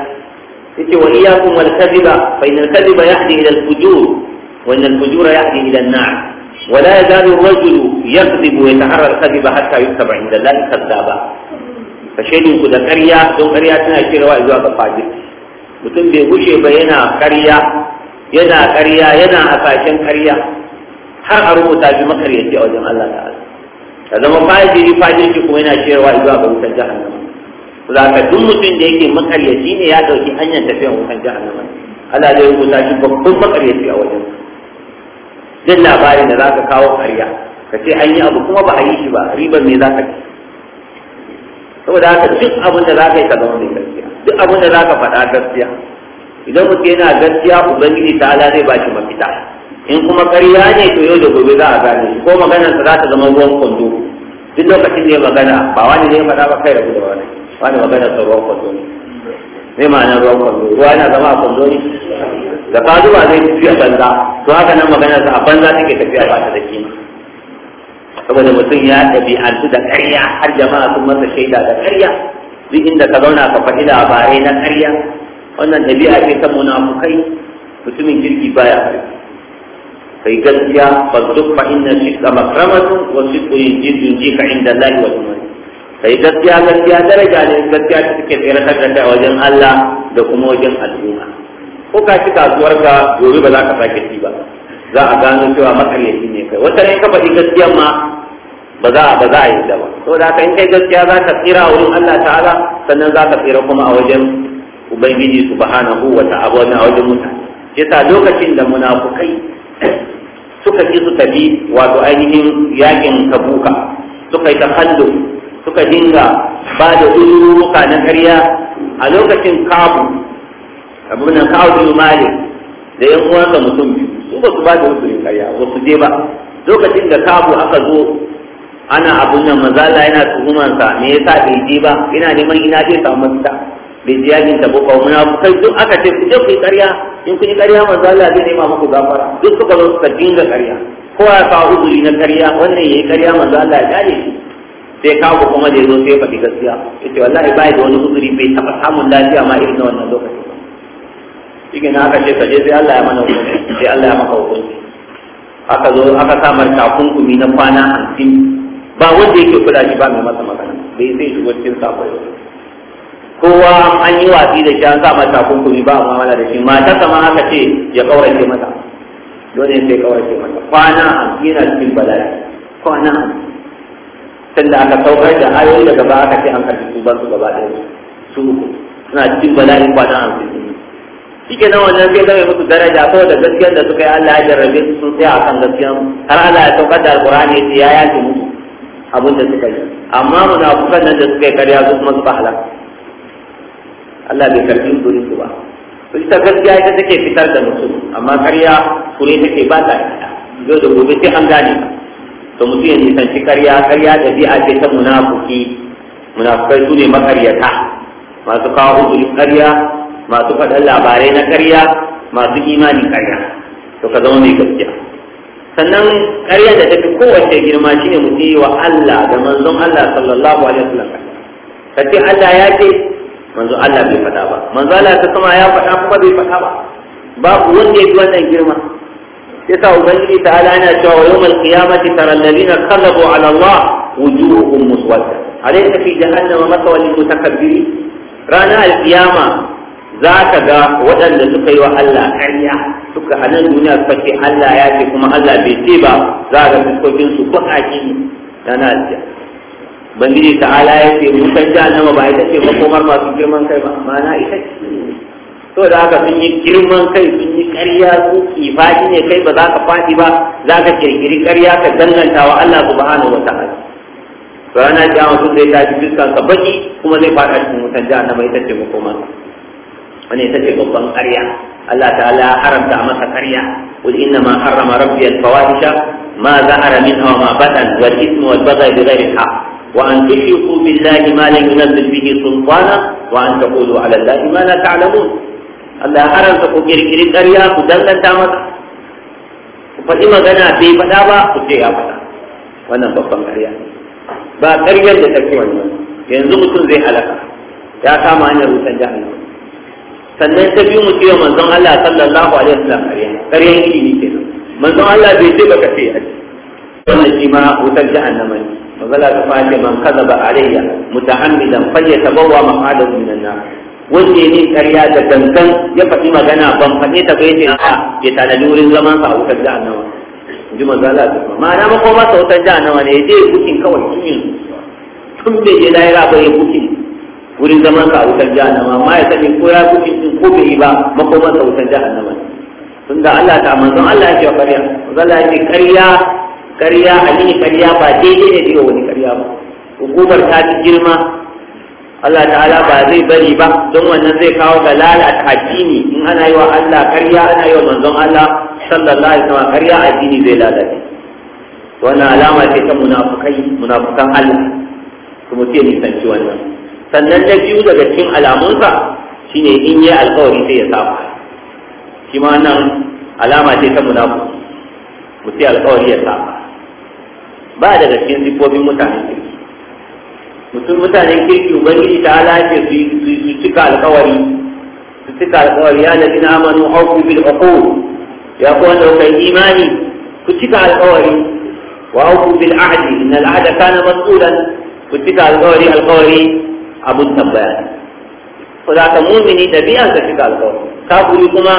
yace wa iyyakum wal kadhiba fa inal kadhiba yahdi ila al fujur wa inal fujura yahdi ila an nar wa la yazalu ar-rajulu yakdhibu wa yataharra al kadhiba hatta yuktaba inda Allah kadhaba ka shedin ku da ƙarya don ƙarya tana kirewa zuwa ga fajir mutum bai gushe ba yana karya yana karya yana hasashen karya har a rubuta bi makaryaci a wajen Allah ta'ala ka zama fajiri fajiri kuma yana cewa zuwa ga wutar jahannama za ka duk mutum da yake makaryaci ne ya dauki hanyar tafiyan wutar jahannama Allah zai rubuta shi babban makaryaci a wajen duk labarin da za ka kawo karya ka ce an yi abu kuma ba a yi shi ba riba me za ka ci saboda haka duk abin da za ka yi ka zama mai duk abin da zaka faɗa gaskiya idan mutum yana gaskiya ubangiji ta ala zai bashi mafita in kuma ƙarya ne to yau da gobe za a gane shi ko maganar sa za ta zama ruwan kwando duk lokacin da ya magana ba wani ne ya faɗa ba kai rabu da wani wani magana sa ruwan kwando ne mai ma'anar ruwan kwando ruwa yana zama a kwando ne da ka zuwa zai tafi a banza to haka nan maganar sa a banza take tafiya ba ta da kima saboda mutum ya ɗabi'antu da ƙarya har jama'a sun masa shaida da ƙarya duk inda ka zauna ka faɗi labarai na ƙarya wannan ɗabi'a ce ta munafukai mutumin kirki baya kai gaskiya fasduk fa inna shidda makramatu wa shiddu yunjidu jika inda Allah wa umari kai gaskiya gaskiya daraja ne gaskiya ta take ta da kai wajen Allah da kuma wajen al'umma ko ka ci kasuwar ka gobe ba za ka sake ci ba za a gano cewa makaryaci ne kai wata ne ka faɗi gaskiya ma ba za a ba za a yi da ba to da haka in kai gaskiya za ka tsira wurin Allah ta'ala sannan za ka tsira kuma a wajen ubangiji subhanahu wa ta'ala a wajen mutane yasa lokacin da munafukai suka ki su tafi wato ainihin yakin kabuka suka yi takallu suka dinga ba da uzuruka na karya a lokacin kabu abin nan kabu malik da yan uwansa mutum biyu su ba su ba da uzurin karya ba su je ba lokacin da kabu aka zo ana abun nan mazala yana tuhumansa me yasa bai je ba ina neman ina zai samu mafita bai je yakin ta boko muna kai duk aka ce ku je ku yi ƙarya in kun yi ƙarya mazala zai nema muku gafara duk suka zo suka dinga ƙarya ko ya sa uzuri na ƙarya wannan yayi ƙarya mazala ya ne sai kawo kuma da zo sai faɗi gaskiya yace wallahi bai da wani uzuri bai taɓa samun lafiya ma irin na wannan lokaci shi na aka ce kaje je sai Allah ya mana hukunci sai Allah ya maka hukunci aka zo aka samar takunkumi na kwana hamsin ba wanda yake kula shi ba mai masa magana bai sai shi cikin sako yau kowa an yi wasi da shi an sa mata kunkumi ba a mamala da shi mata kama haka ce ya kawarce mata dole sai kawarce mata kwana yana cikin bala'i kwana tunda aka saukar da ayoyi daga ba aka ce an karfi su ban su gaba ɗaya su uku suna cikin balaya kwana hamsin shike nan wannan sai zai musu daraja ko da gaskiyar da suka yi Allah ya jarrabe su sun tsaya kan gaskiyar har Allah ya saukar da alqur'ani ya ce ya yaki musu abin da suka yi amma munafukan nan da suka yi karya su kuma su ba Allah bai karfi gurin su ba ita gaskiya ita take fitar da mutum amma karya kure take ba ta ita yau da gobe sai an gane to mutum ya nisanci karya karya da bi'a ce ta munafuki munafukai su ne makaryata masu kawo uzurin karya masu faɗin labarai na karya masu imanin karya to ka zama mai gaskiya sannan ƙaryar da tafi kowace girma shine mutum yi wa Allah da manzon Allah sallallahu alaihi wasallam ka ce Allah ya ce manzon Allah bai faɗa ba manzon Allah ta sama ya faɗa kuma bai faɗa ba babu wanda ya ji wannan girma yasa ubangiji ta ala yana cewa wa yawmal qiyamati tara alladhina kadhabu ala Allah wujuhuhum muswadda alaysa fi jahannama maswal lil mutakabbirin rana alqiyama za ka ga waɗanda suka yi wa Allah ƙarya suka a nan duniya suka ce Allah ya ce kuma Allah bai ce ba za ka fuskokin su baƙaƙi na nasiya bangiji ta'ala ya ce mun san nama ba ita ce makomar masu girman kai ba ma'ana ita ce to da haka sun yi girman kai sun yi ƙarya su kifaji ne kai ba za ka faɗi ba za ka kirkiri ƙarya ka danganta wa Allah subhanahu wa ta'ala to ana jama'a sun zai tashi fiskan ka baki kuma zai faɗa cikin wutan nama ita ce makomar wani ita ce babban ƙarya Allah ta'ala haramta masa ƙarya qul inna ma harrama rabbi al-fawahisha ma zahara minha wa ma batan wal ithmu wal baghy bi ghairi al-haqq wa an tushriku billahi ma lam yunzil bihi sultana wa an taqulu ala allahi ma la ta'lamun Allah haramta ku kirkirin ƙarya ku danganta masa ku faɗi magana bai faɗa ba ku ce ya faɗa wannan babban ƙarya ba ƙaryar da take wannan yanzu mutum zai halaka ya kama hanyar wutan jahannama sannan ta biyu mu cewa manzon Allah sallallahu alaihi wasallam kariya ki ne ke manzon Allah bai ce baka ce a wannan shi ma wutar jahannama ne magana ta fashe man kadaba alayya mutahammidan falyatabawwa maq'adahu minan nar wanda ne kariya da dangan ya faɗi magana ban faɗe ta ba yace a ya tanadi wurin zaman sa a wutar jahannama ji manzo Allah ta ma na ma ko ma wutar jahannama ne ya je bukin kawai tun yanzu tun bai je lahira ba ya bukin wurin zaman ka a wutar jahannama amma ya sani ko ya kuɗi in ko bai ba makoman sa wutar jahannama tun da Allah ta manzon Allah ya ce wa ƙarya Allah ya ce ƙarya ƙarya alini ƙarya ba daidai ne da wani ƙarya ba hukumar ta ci girma Allah ta'ala ba zai bari ba don wannan zai kawo ga lalata addini in ana yi wa Allah ƙarya ana yi wa manzon Allah sallallahu alaihi wasallam ƙarya addini zai lalata. wannan alama ce ta munafukai munafukan Allah kuma ce nisanci wannan sannan na biyu daga cikin alamunsa shine in yi alkawari sai ya saba shi ma nan alama ce ta munafiki mutum alkawari ya saba ba daga cikin siffofin mutanen kirki mutum mutanen kirki ubangiji ta alaƙe su cika alkawari su cika alkawari ya nabi na amanu auku bil uqud ya ku da kuka imani ku cika alkawari wa auku bil ahdi in al ahda kana mas'ulan ku cika alkawari alkawari abun tambaya ko za ka mumini ɗabi'an ka cika alƙawari kuri kuma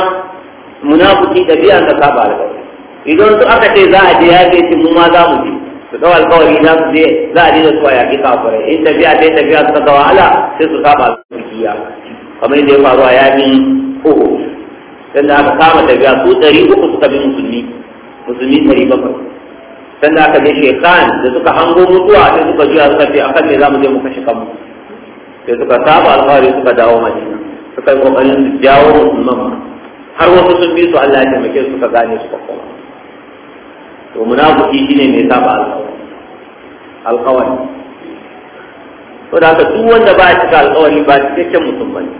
munafiki ɗabi'an ka saba alƙawari idan su aka ce za a je ya ce mu ma za mu je su ɗau alƙawari za su je za a je da su a yaƙi kafare in tafiya ta tafiya suka ga wahala sai su saba alƙawari kamar yadda ya faru a yaƙin uku sanda aka kama tafiya su ɗari uku suka bi musulmi musulmi ɗari bakwai sanda aka je shekan da suka hango mutuwa sai suka juya suka ce akan me za mu je mu kashe kanmu sai suka saba alfahari suka dawo madina suka yi kokarin su jawo musulman har wasu sun bi su Allah ya taimake su suka gane su kuma to munafiki shine mai saba alfahari alkawari to da haka duk wanda ba ya cika alkawari ba cikakken mutum bane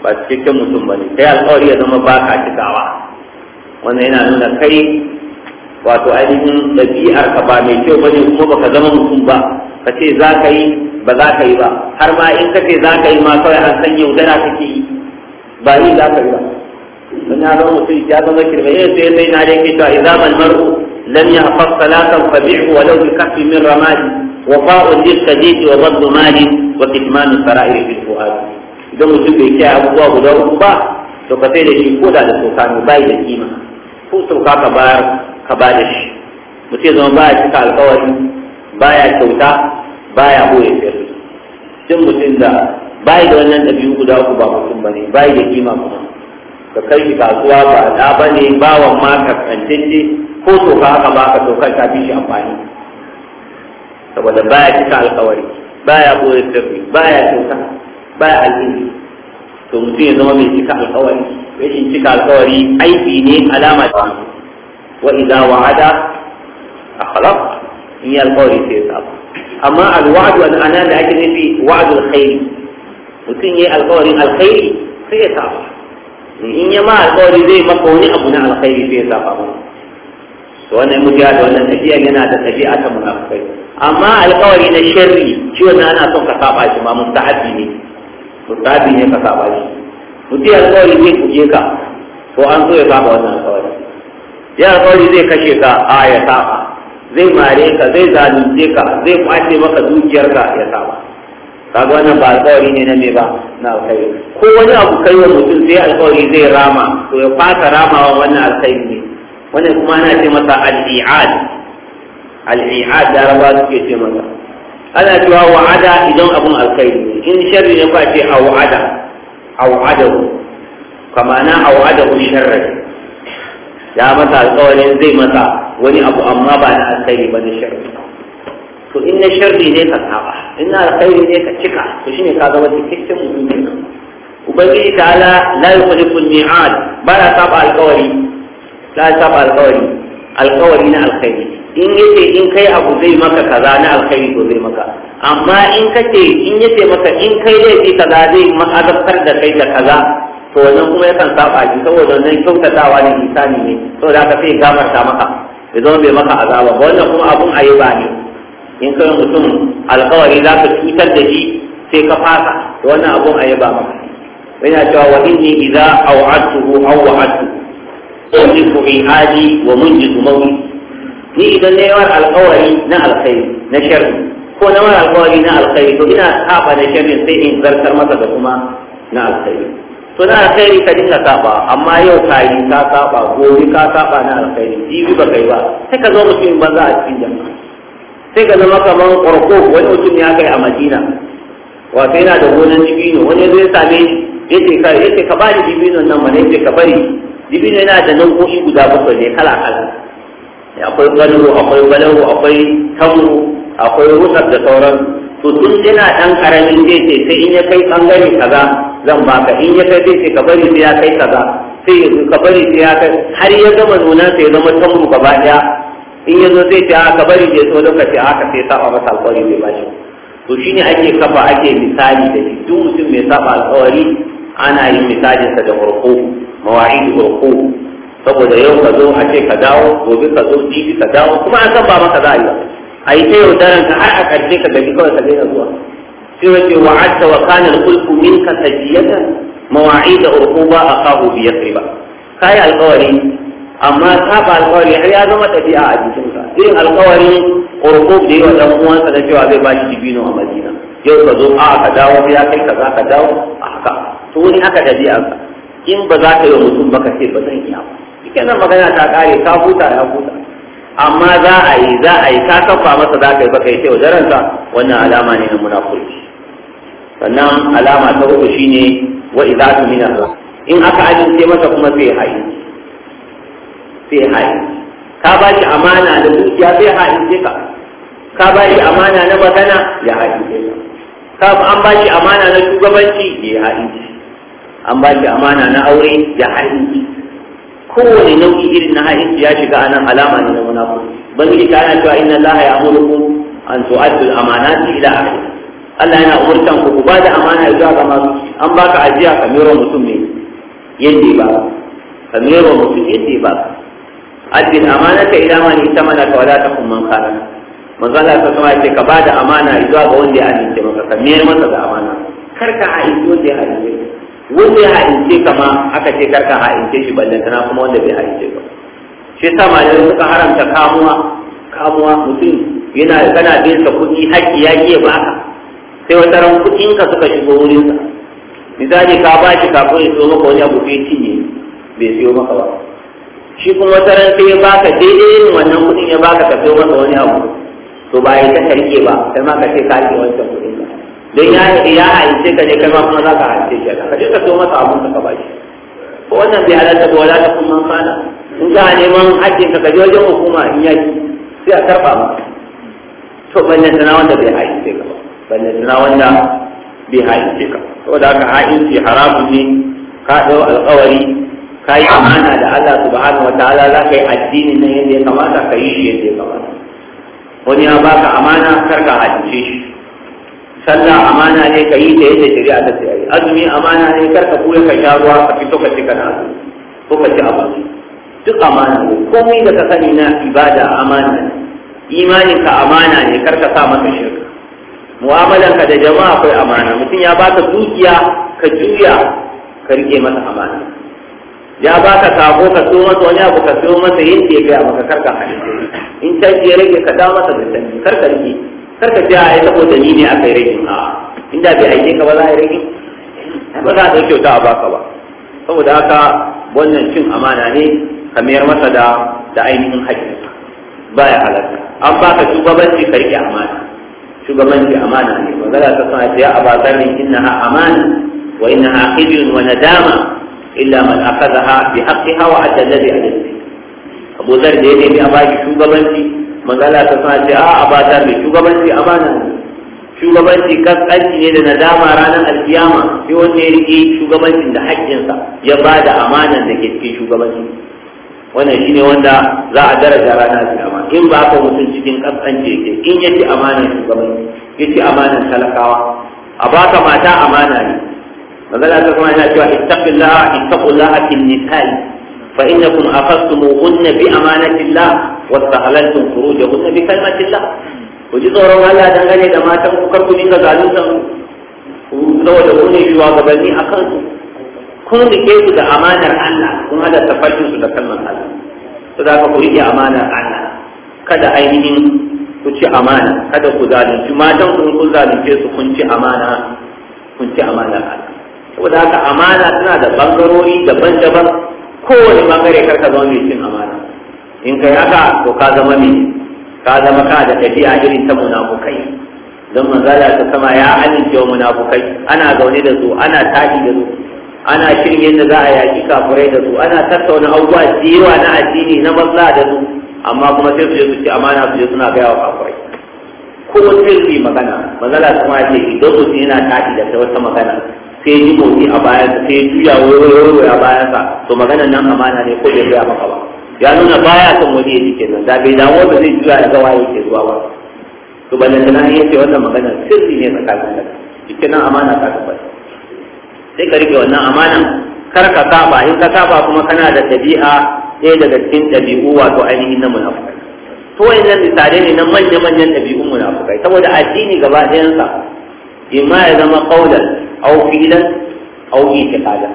ba cikakken mutum bane sai alkawari ya zama ba ka cikawa wannan yana nuna kai wato ainihin ɗabi'ar ka ba mai kyau bane kuma baka zama mutum ba ka ce za ka yi ba za ka yi ba har ma in ka ce za ka yi ma kawai an san yaudara kake yi ba yi za ka yi ba don ya zama mutum ya zama kirme eh, yin sai sai na dai ke cewa idan maru lam ya hafaf salatan fabi'u walau bi kafi min ramadi wa fa'u lil kadidi wa baddu mali wa kitmanu sara'ir fil fu'ad idan mutum bai kiyaye abubuwa guda uku ba to ka sai da shi ko da da tsoka ne bai da kima ko tsoka ka bayar ka ba da shi mutum ya zama baya cika alkawari baya kyauta baya boye sirri duk mutum da bayi da wannan ɗabi'u guda uku ba mutum ba ne bayi da kima kuma ka kai shi kasuwa ba ɗa ba ne bawan ma ka kancance ko toka haka ba ka tokar ta fi shi amfani saboda baya cika alkawari baya boye sirri baya kyauta baya alheri to mutum ya zama mai cika alkawari rashin cika alkawari aiki ne alama da wani وإذا وعد أخلص هي القول في صعب أما الوعد أن أنا لا أجني في وعد الخير وتنجي القول الخير في صعب إن ما القول زي ما قولي أبنا الخير في صعب وأنا مجاد وأنا نجي أن أنا تنجي أتم الخير أما القول إن الشر شو أنا أنا أصنع صعب ما مستعد لي مستعد لي صعب عشما وتنجي القول زي مجيكا وأنتو يصعب وأنا القول ya alƙawari zai kashe ka a ya saba zai mare ka zai zalunce ka zai kwace maka dukiyarka ya saba kaga wannan ba alƙawari ne na me ba na alƙawari ko wani abu kai wa mutum sai alƙawari zai rama to ya fasa ramawa wannan alƙawari ne wannan kuma ana ce masa al-i'ad al-i'ad da rawa suke ce masa ana cewa wa'ada idan abun alƙawari ne in sharri ne ba ce a wa'ada a wa'adahu kamana a wa'adahu sharri ya masa alƙawarin zai masa wani abu amma ba na alƙawari ba na sharri to in na sharri ne ka saba in na alkhairi ne ka cika to shine ka zama cikakken mutum ubangiji ta'ala la yukhlifu al-mi'ad ba na saba alƙawari la saba alƙawari alƙawari na alkhairi in yace in kai abu zai maka kaza na alkhairi to zai maka amma in kace in yace maka in kai laifi kaza zai maka da kai da kaza to wannan kuma yakan saba shi saboda wannan kyautatawa ne isani ne saboda haka sai gafarta maka ya zama bai maka azaba ba wannan kuma abun a yi ba ne in kai mutum alkawari za ka cutar da shi sai ka fasa da wannan abun a yi ba maka yana cewa wa inni idza aw'adtuhu aw wa'adtuhu أملك wa ومنجز موتي ni idan na yawar alkawari na alkhairi na sharri ko na wani alkawari na alkhairi to ina saba na sharri sai in zartar masa da kuma na alkhairi suna alkhairi ka dinga saba amma yau ka yi ka saba gobe ka saba na alkhairi jibi ba kai ba sai ka zo mutum banza a cikin jama'a sai ka zama kamar korko wani mutum ya kai a madina wato yana da gonan dibino wani zai same shi yace ka ce ka bani dibinon nan mana ce ka bari dibino yana da nau'o'i guda bakwai ne kala kala akwai galo akwai balawo akwai tamu akwai rusar da sauran to tun yana dan karamin zai ce sai in ya kai bangare kaza zan baka in ya kai sai ka bari sai ya kai kaza sai ya ka bari sai ya kai har ya zama nuna sai ya zama tamu gaba daya in ya zo sai ta ka bari sai so lokaci aka sai saba masa alƙawari bai bashi to shine ake kafa ake misali da shi duk mutum mai saba alƙawari ana yin misalinsa da hurku mawa'id farko saboda yau ka zo a ce ka dawo gobe ka zo jibi ka dawo kuma an san ba maka za a yi a yi ta yaudaranka har a ƙarshe ka gaji kawai ka daina zuwa سيرتي وعدت وكان الخلف منك سجية مواعيد عقوبة أخاه بيثرب كاي القولي أما تاب القولي هل هذا ما تبيع أجسمك إن sa عقوب cewa zai bashi بباشي a مدينة yau ka zo a ka dawo ya kai ka za ka dawo a haka to wani haka da ka in ba za ka yi mutum ba ka ce ba zan iya ba cikin magana ta kare ka huta ya huta amma za a yi za a yi ka kafa masa za ka yi ba ka yi wajen wa wannan alama ne na munafurci sannan alama ta uku shine wa idza tumina in aka amince masa kuma sai hayi sai hayi ka ba shi amana da dukiya sai hayi ka ka ba shi amana na magana ya hayi ka an ba shi amana na shugabanci ya hayi an ba shi amana na aure ya hayi kowane nau'i irin na hayi ya shiga anan alama ne na munafiki bangiji ta ana cewa inna allaha ya'murukum an tu'addu al-amanati ila ahliha Allah yana umurtan ku ku bada amana zuwa ga masu an baka ajiya ka mero mutum ne yadda ba ka mero mutum yadda ba addin ta ila ta mana ka wala kun man kana manzo Allah ta kuma ce ka bada amana zuwa ga wanda ya amince maka ka mero masa da amana kar ka haifi wanda ya haife wanda ya haife ka ma aka ce kar ka haife shi ballantana kuma wanda bai haife ba shi ma ne suka haramta kamuwa kamuwa mutum yana kana bin sa kuɗi haƙƙi ya ke baka sai wata ran kuɗin ka suka shigo wurin sa misali ka ba shi kafin ya siyo maka wani abu bai cinye bai siyo maka ba shi kuma wata ran sai ya baka daidai irin wannan kuɗin ya baka ka siyo maka wani abu to ba ya ta karke ba kai ma ka ce ka ce wancan kuɗin ka don ya ya halice ka ne kai ma kuma za ka halice shi ka je ka siyo masa abun ka ba shi ko wannan bai halatta ba wala ta man mana in ka a neman haƙƙin ka kaje wajen hukuma in yaki sai a karɓa ma to ban nan na wanda bai halice ballantana wanda bai ha'ince ka saboda haka ha'inci haramun ne ka ɗau alƙawari ka yi amana da Allah subhanahu wata ala za ka yi addini nan yadda ya kamata ka yi shi yadda ya kamata wani ya baka amana kar ka ha'ince shi sallah amana ne ka yi ta yadda shari'a ta yi, azumi amana ne kar ka buya ka sha ruwa ka fito ka ci kana azumi ko ka ci abinci duk amana ne komai da ka sani na ibada amana ne imanin ka amana ne kar ka sa masa shi mu'amalanka da jama'a akwai amana mutum ya baka dukiya ka juya ka rike masa amana ya baka sako ka so masa wani abu ka so masa yin ya gaya maka karka hali in canji ya rage ka dawo masa da canji karka rike karka a ai saboda ni ne aka yi rage a inda bai aike ka ba za a yi rage ba za a ɗauke kyauta a baka ba saboda haka wannan cin amana ne ka mayar masa da da ainihin haƙƙinsa baya halarta an baka shugabanci ka rike amana shugabanci amana ne magana ta sana ce ya abazar ne innaha amana wa innaha khizyun wa nadama illa man akhadha bi haqqiha wa adda alladhi alayhi Abu Dharr da yake a baki shugabanci magana ta sa ce a abazar ne shugabanci amana ne shugabanci kaskanci ne da nadama ranar alkiyama sai wanda ya rike shugabancin da haƙƙinsa ya ba da amanan da ke cikin shugabanci wannan ne wanda za a daraja ranar kiyama in ba ka mutum cikin kasance yake in yace amana ne gaba yace amanan talakawa a baka mata amana ne magana ta kuma yana cewa ittaqillaha ittaqullaha fil nisa'i fa innakum akhadtumuhunna bi amanatillah sahalantum furujahunna bi kalmatillah ku ji tsoron Allah dangane da matan ku kar ku dinga zalunta saboda ku ne shugabanni akan su kun rike su da amanar Allah kun hada tafarkin su da kalmar Allah to da ku rike amanar Allah kada ainihin ku ci amana kada ku zalunci matan ku kun zalunce su kun ci amana kun ci amanar Allah saboda haka amana tana da bangarori daban-daban kowane bangare karka zama mai cin amana in kai haka to ka zama mai ka zama ka da tafiya irin ta munafukai don manzala ta sama ya amince wa munafukai ana zaune da su ana tashi da su ana shirin yadda za a yaƙi kafirai da su ana tattauna abubuwa da yawa na addini na maza da su amma kuma sai su je su ce amana su je suna gaya wa kafirai ko sai su yi magana mazala kuma ya ce idan su yana tashi da wata magana sai ji motsi a bayansa sai ya juya wurwurwur a bayansa to maganar nan amana ne ko bai gaya maka ba ya nuna baya son wani ya ji kenan da bai damu ba zai juya da gawa yake zuwa ba to balantana ya ce wannan maganar sirri ne tsakanin da cikin nan amana ta tabbata sai ka rike wannan amanan kar ka saba in ka saba kuma kana da ɗabi'a ɗaya daga cikin ɗabi'u wato ainihin na munafukai to wayannan misalai ne na manya-manyan ɗabi'un munafukai saboda addini gaba ɗayansa imma ya zama qaulan aw fi'lan aw i'tiqadan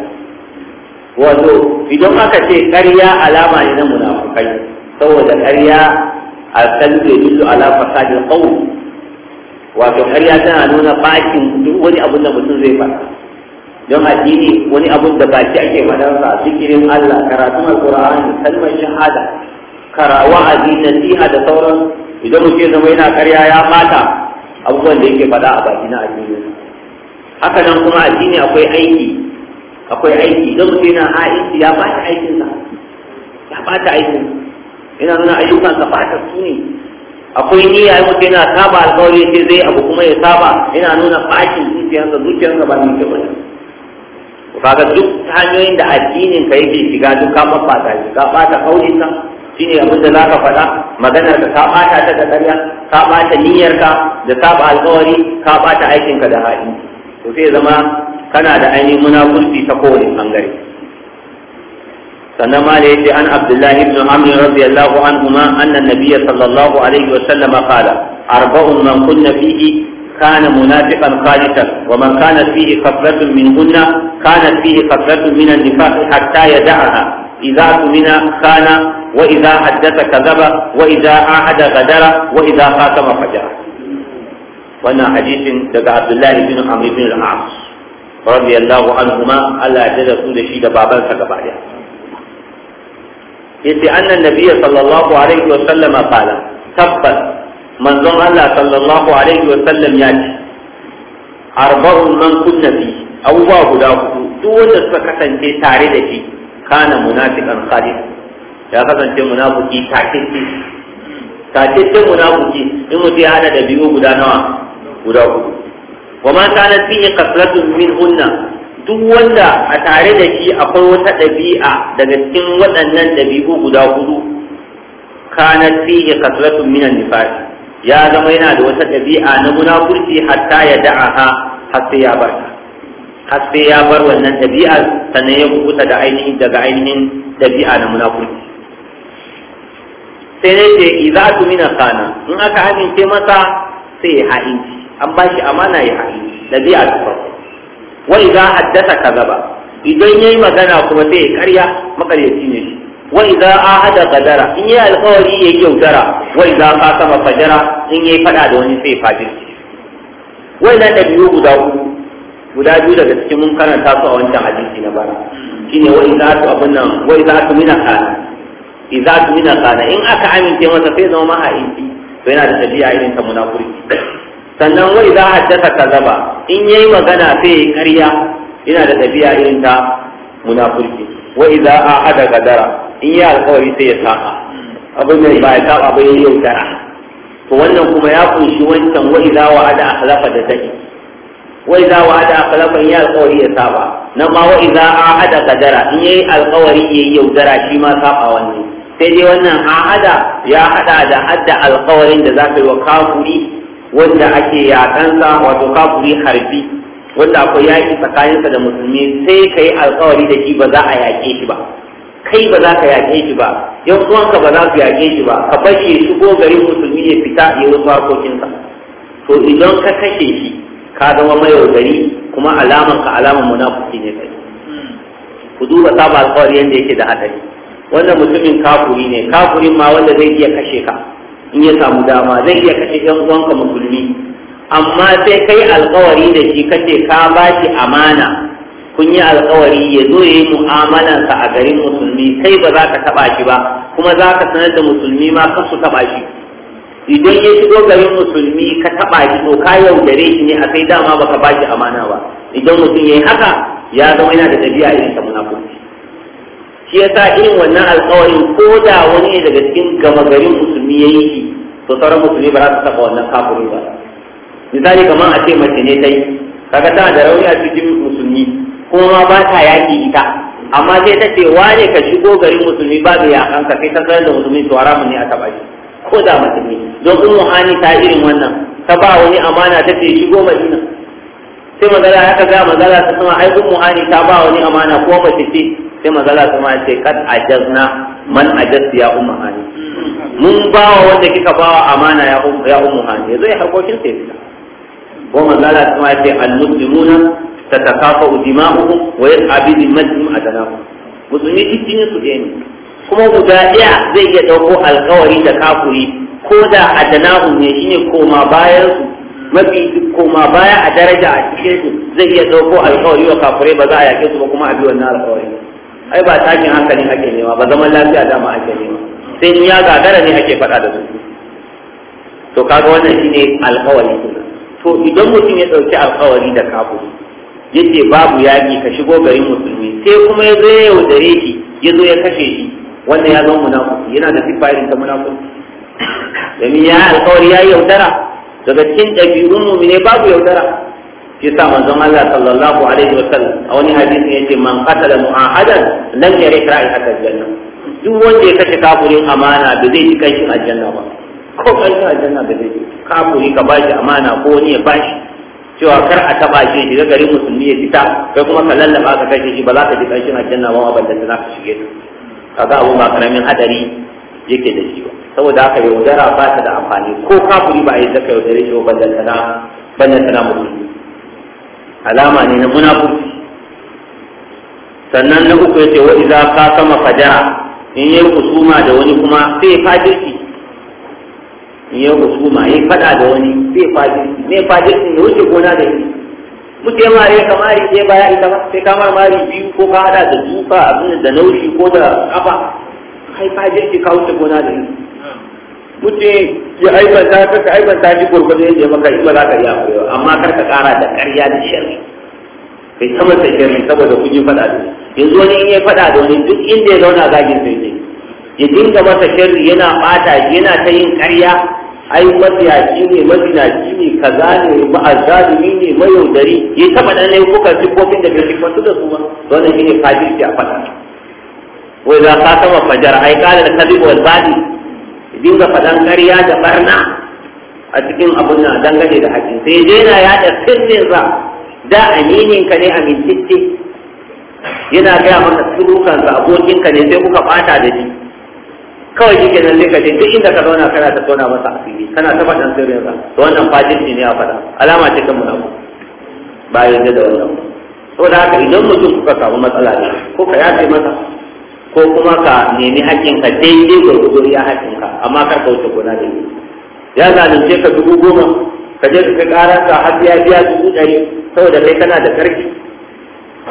wato idan aka ce ƙarya alama ne na munafukai saboda ƙarya alƙalbi ya dillu ala fasadin qawl wato ƙarya tana nuna bakin duk wani abin da mutum zai faɗa don addini wani abun da baki ake a zikirin Allah karatun alqur'ani kalmar shahada karawa addini nasiha da sauran idan muke zama yana karya ya mata abubuwan da yake fada a baki na addini haka nan kuma addini akwai aiki akwai aiki idan mutum yana aiki ya bata sa, ya bata aiki. Ina nuna ayyukansa bata su ne akwai niyya ya mutu yana saba alkawari sai zai abu kuma ya saba Ina nuna bakin zuciyarsa zuciyarsa ba ke kyau kaga duk hanyoyin da addinin ka yake shiga duk ka babbata shi ka bata kaulin ka shine abin da zaka faɗa maganar ka bata ta da ka bata niyyar ka da saba alƙawari ka bata aikin ka da hali to sai zama kana da ainihin munafurci ta kowane bangare sannan ma da yace an abdullahi ibn amr radiyallahu anhuma anna nabiyya sallallahu alaihi wa sallam qala arba'un man kunna fihi كان منافقا خالصا ومن كانت فيه خفرة منهن كانت فيه خفرة من النفاق حتى يدعها إذا تمنى كان وإذا حدث كذب وإذا عاهد غدر وإذا خاتم فجر وانا حديث دقى عبد الله بن عمرو بن العاص رضي الله عنهما ألا جد سود شيد بابا سكبا يتي أن النبي صلى الله عليه وسلم قال تبت manzon Allah sallallahu alaihi wa sallam ya ce arba'un man kunna fi abubuwa guda hudu duk wanda suka kasance tare da shi kana munafiqan khalid ya kasance munafiki takiti takiti munafiki in mutum ya hada da biyu guda nawa guda hudu wa ma kana fi qaslatun min hunna duk wanda a tare da shi akwai wata ɗabi'a daga cikin waɗannan ɗabi'u guda hudu kana fi qaslatun min an-nifaq ya zama yana da wata ɗabi'a na munafurci hatta ya da'a ha sai ya bar har ya bar wannan ɗabi'ar sannan ya kubuta da ainihin daga ainihin ɗabi'a na munafurci sai dai ce idza tumina kana in aka amince masa sai ya ha'inci an ba shi amana ya ha'inci ɗabi'a ta farko wa idza haddasa ka gaba? idan ya yi magana kuma sai ya karya makaryaci ne shi wa idza ahada qadara in yi alƙawari ya kyautara wa idza qasama fajara in yi fada da wani sai nan wannan biyu guda uku guda biyu daga cikin mun karanta su a wancan hadisi na bara shine wa idza tu abunna wa idza tu mina kana idza tu mina kana in aka amince masa sai zama mahaifi to yana da tabi'a irin ta munafiki sannan wa idza haddatha kadaba in yayi magana sai yayi ƙarya yana da tabi'a irin ta munafiki wa idza ahada gadara in ya alƙawari sai ya saba abin da ba ya saba ba yayi yaudara to wannan kuma ya kunshi wancan wa idza akhlafa da dai wa idza akhlafa ya alƙawari ya saba nan ma wa idza ada kadara in yayi alƙawari yayi yaudara shi ma saba wannan sai dai wannan a ada ya hada da hadda alƙawarin da zaka yi wa kafuri wanda ake yakansa wato kafuri harbi wanda akwai yaƙi tsakaninsa da musulmi sai ka yi alƙawari da shi ba za a yaƙe shi ba kai ba za ka yaƙe shi ba yan uwanka ba za su yaƙe shi ba ka bashi ya shigo garin musulmi ya fita ya wasu harkokinsa to idan ka kashe shi ka zama mayaudari kuma alamar ka alaman munafuki ne kai ku duba saba alƙawari yadda yake da hadari wannan mutumin kafuri ne kafurin ma wanda zai iya kashe ka in ya samu dama zai iya kashe yan uwanka musulmi amma sai kai alkawari da shi kace ka ba shi amana kun yi alkawari ya zo ya yi mu'amalansa a garin musulmi kai ba za ka taɓa shi ba kuma za ka sanar da musulmi ma kan su taɓa shi idan ya shigo garin musulmi ka taɓa shi to ka yaudare shi ne a kai dama ba ka ba amana ba idan mutum ya yi haka ya zama yana da ɗabi'a irin ta munafurci shi yasa irin wannan alkawarin ko da wani daga cikin gama garin musulmi ya yi shi to sauran musulmi ba za su taɓa wannan kafuri ba misali kamar a ce mace ne ta yi kaga tana da rauni a cikin musulmi kuma ma ba ta yaƙi ita amma sai ta ce wane ka shigo garin musulmi babu yakan ka kai ta da musulmi su haramun ne a taɓa shi ko da musulmi don in muhani ta irin wannan ta ba wani amana ta ce shigo madina sai magana haka ga magana ta sama ai in muhani ta ba wani amana ko ba ce sai magana ta ma ce kad ajazna man ajaz ya umma hani mun ba wa wanda kika ba wa amana ya umma hani yanzu ya harkokin sai fita ko magana ta ma ce al-muslimuna tatakafa dimahuhum wa yas'a bi dhimmatihim adanahum musulmi cikin su ne kuma guda ɗaya zai iya dauko alkawari da kafuri ko da adanahu ne shine koma bayan su mafi koma baya a daraja a cikin su zai iya dauko alkawari wa kafurai ba za a yake su ba kuma a bi wannan alkawari ai ba takin hankali ake nema ba zaman lafiya dama ake nema sai in ya gagara ne ake faɗa da su to kaga wannan shine alkawari to idan mutum ya ɗauki alkawari da kafuri yace babu yaƙi ka shigo garin musulmi sai kuma ya zo ya yaudare shi ya zo ya kashe shi wannan ya zama munafiki yana da sifa irin ta munafiki domin ya alƙawari ya yaudara daga cikin ɗabi'un mu'mine babu yaudara shi sa manzon Allah sallallahu alaihi wasallam a wani hadisi yace man qatala mu'ahadan lam yari ra'ihata janna duk wanda ya kashe kafirin amana ba zai ji kanshin aljanna ba ko kanshin aljanna ba zai ji kafiri ka bashi amana ko wani ya bashi cewa kar a taba shi shiga garin musulmi ya fita kai kuma ka lallaba ka kashe shi ba za ka ji karshen aljanna ba ba da za ka shige ta kaga abu ba karamin hadari yake da shi ba saboda haka yaudara ba ta da amfani ko kafiri ba a yi zaka yaudare shi ba da tana ban da tana musulmi alama ne na munafurci sannan na uku yace wa idza qasama fajara in yayi kusuma da wani kuma sai ya ya yau ya faɗa da wani zai faɗi ne faɗi ne wuce gona da shi mutum ma ya kamari ke baya ita ba sai kamar mari biyu ko ka hada da duka abin da naushi ko da kafa kai faɗi fajirci ka wuce gona da shi mutum ya aibanta ka ka aibanta shi gurgurdu ya je maka ba za ka yi akwai amma kar ka kara da ƙarya da shirri kai sama da shirri saboda kun yi faɗa da yanzu wani in ya faɗa da wani duk inda ya zauna zagin sai ne ya dinga masa sharri yana bata yana ta yin ƙarya ai mafiyaci ne mafinaci ne kaza ne ma'azzalimi ne mayaudari ya taba da ne kuka siffofin da bai siffatu da su ba wannan shine kafirci a fata wai za ka sama fajar ai kala da kadib wal badi dinga fadan ƙarya da barna a cikin abun nan dangane da haƙƙin sai dai na yada sirrin za da aminin ka ne amintacce yana gaya maka abokin abokinka ne sai kuka bata da shi kawai shi kenan sai ka je duk inda ka zauna kana ta zauna masa asiri kana ta faɗin sirrin sa to wannan fajin ne a faɗa alama ce kan munafu ba yadda da wannan saboda haka idan mutum kuka samu matsala ne ko ka yafe masa ko kuma ka nemi haƙƙinka daidai gudun ya haƙƙinka amma kar ka wuce gona da ya zalunce ka dubu goma ka je ka ƙara ka har ya biya dubu ɗari saboda kai kana da ƙarfi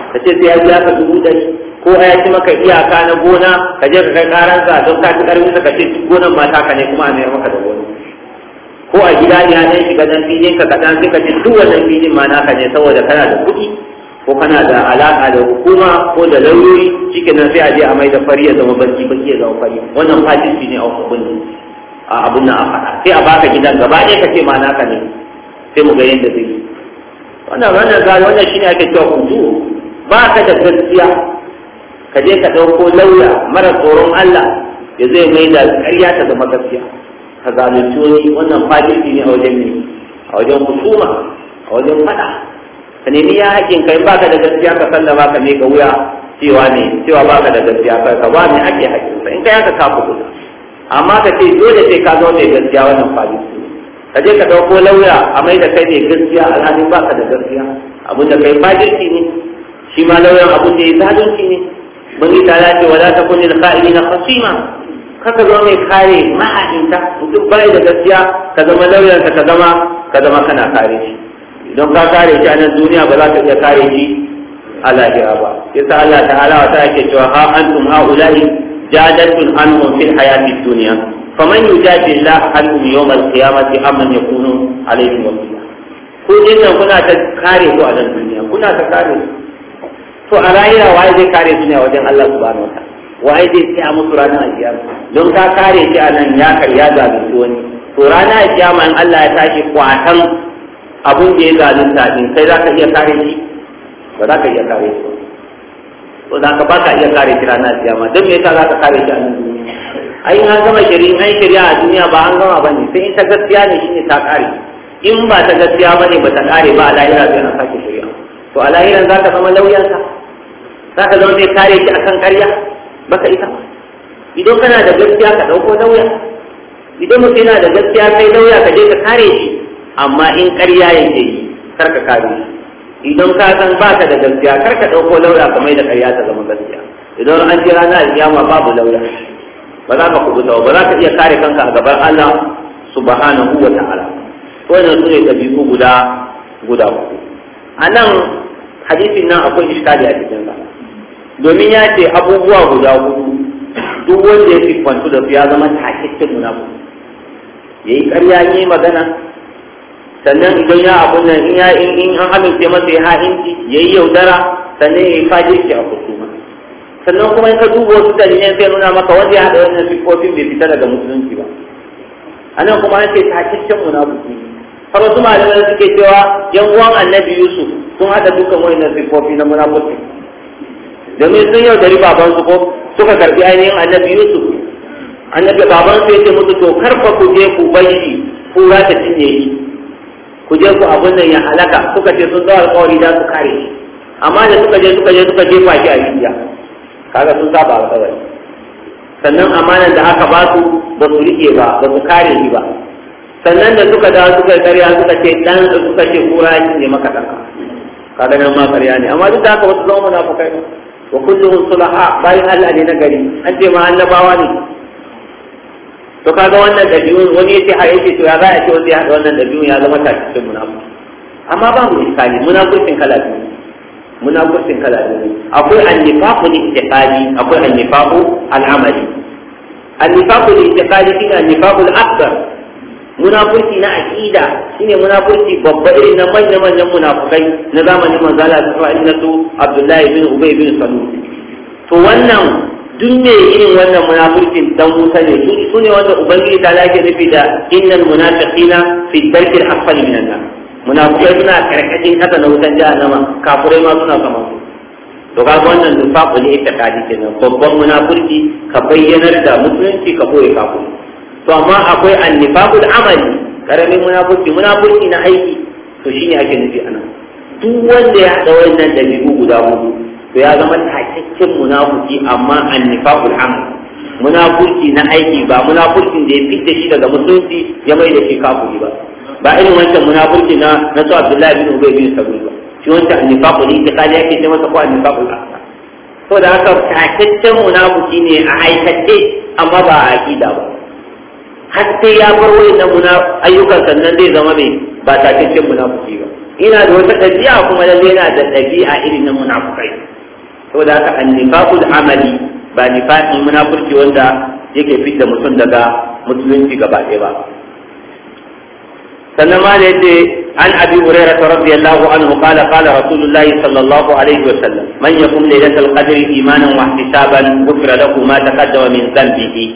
ka ce sai ya biya ka dubu ɗari ko ya yaki maka iyaka na gona ka je ka kai sa don ka ci karfin ka ce gonan mata ka ne kuma a mayar maka da gona ko a gida ya ne shiga dan filin ka ka dan ka ce duk wannan filin ma naka ne saboda kana da kuɗi ko kana da alaka da hukuma ko da lauyoyi nan sai a je a mai da fari ya zama barci baki ya zama fari wannan fatin ne a hukumin a abun nan a faɗa sai a baka gidan gaba ɗaya ka ce ma naka ne sai mu ga yadda zai yi wannan wannan gari wannan shine ake cewa kuntu ba ka da gaskiya ka je ka ɗauko lauya mara tsoron Allah ya zai mai da ƙarya ta zama gaskiya ka zalunci tuni wannan fajirci ne a wajen ne a wajen husuma a wajen faɗa ka nemi ya haƙin kai ka da gaskiya ka sallama ka mai ga wuya cewa ne cewa ba ka da gaskiya ka ka ba ne ake sa in ka yaka ka kuɗa amma ka ce dole sai ka zo mai gaskiya wannan fajirci ka je ka ɗauko lauya a mai da kai ne gaskiya ba ka da gaskiya abinda kai fajirci ne shi ma lauyan abu da ya zalunci ne bani ta ce wala ta kulli al-qa'ilina khasima kaka zo mai kare maha'inta duk bai da gaskiya ka zama lauyan ka zama ka zama kana kare shi idan ka kare shi a nan duniya ba za ka iya kare shi a lahira ba yasa Allah ta'ala wa ta yake cewa ha antum ha'ula'i jadatun anhum fil hayati dunya faman yujadi Allah anhum yawm al-qiyamati amman yakunu alayhim wakila ko dinnan kuna ta kare ku a nan duniya kuna ta kare su to a lahira waye zai kare su ne a wajen Allah subhanahu wataala waye zai tsaya musu ranar alkiyama don ka kare shi a nan ya karya zalunci wani to ranar alkiyama in Allah ya tashi kwatan abun da ya zalunta din sai za ka iya kare shi ba za ka iya kare shi to da ka ba ka iya kare shi ranar alkiyama don me yasa za ka kare shi a nan duniya ai an gama shiri, ai shari'a a duniya ba an gama bane sai in ta gaskiya ne shine ta kare in ba ta gaskiya bane ba ta kare ba a lahira sai na sake shari'a to a lahiran za ka zama lauyansa za ka zama zai kare shi kan karya baka ita ba idan kana da gaskiya ka ɗauko lauya idan mutum yana da gaskiya kai lauya ka je ka kare shi amma in karya yake yi kar ka kare shi idan ka san ka da gaskiya kar ka ɗauko lauya ka mai da karya ta zama gaskiya idan an ce rana alƙiyama babu lauya ba za ka ta ba za ka iya kare kanka a gaban Allah subhanahu wa ta'ala wannan sune dabi'u guda guda uku anan hadisin nan akwai iskali a cikin sa domin ya ce abubuwa guda hudu duk wanda ya siffantu da su ya zama takikin munafiki yayi ƙarya yi magana sannan idan ya abun nan in ya in an amince masa ya ha'inci yayi yaudara sannan ya fage shi a kusuma sannan kuma in ka duba wasu dalilan sai nuna maka wanda ya haɗa wannan sifofin bai fita daga musulunci ba anan kuma an ce takikin munafiki har wasu malamai suke cewa yan uwan annabi yusuf sun haɗa dukkan wayannan siffofi na munafurci. domin sun yau da baban su ko suka karbi ainihin annabi yusuf annabi baban su yace musu to karfa ku je ku bashi kura ta cinye shi ku je ku abun nan ya halaka suka ce sun zawar alƙawari da su kare shi amma da suka je suka je suka je shi a rijiya kaga sun saba alƙawari sannan amanan da aka ba su ba su rike ba ba su kare shi ba sannan da suka dawo suka karya suka ce dan suka ce kura ya ne maka daka kada nan ma ƙarya ne amma duk da haka wasu zama munafukai ne wa kullum sulaha bayan Allah ne na gari an ce ma annabawa ne to kaga wannan dabi'un wani yace ha yace to ya za a ce wanda ya haɗa wannan dabi'un ya zama tashin munafiki amma ba mu iskali munafikin kala biyu munafikin kala biyu akwai annifaqu ni istiqali akwai annifaqu al'amali annifaqu ni istiqali shine annifaqu al'akbar munafurci na aqida shine munafurci babba irin na manyan manyan munafukai na zamanin manzo Allah sallallahu na su Abdullahi bin Ubay bin Salul to wannan duk ne irin wannan munafurcin dan Musa ne su ne wanda ubangiji ta lake nufi da innal munafiqina fi darkil asfali minan nar munafiqai suna karkashin kasa na wutan jahannama kafurai ma suna kama su to ga wannan nufaqul itikadi kenan babban munafurci ka bayyanar da mutunci ka boye kafiri to amma akwai annifaqul amali karamin munafiki munafiki na aiki to shine ake nufi ana duk wanda ya hada wannan dabi'u guda hudu to ya zama takakken munafiki amma annifaqul amali munafiki na aiki ba munafikin da ya fita shi daga musulunci ya mai da shi kafiri ba ba irin wancan munafiki na na su Abdullahi bin Ubay bin Salul ba shi wancan annifaqul itiqadi yake ce masa ko annifaqul akbar to da haka takakken munafiki ne a aikace amma ba a aqida ba har sai ya bar wayannan muna ayyukan sannan zai zama mai ba takaccen munafiki ba ina da wata ɗabi'a kuma lalle yana da ɗabi'a irin na munafukai saboda haka annifaqul amali ba nifaqin munafurci wanda yake fitta mutum daga musulunci gaba ɗaya ba sannan ma da yace an abi hurairah radiyallahu anhu qala qala rasulullahi sallallahu alaihi wasallam man yaqum lailatul qadri imanan wa ihtisaban ghufra lahu ma taqaddama min dhanbihi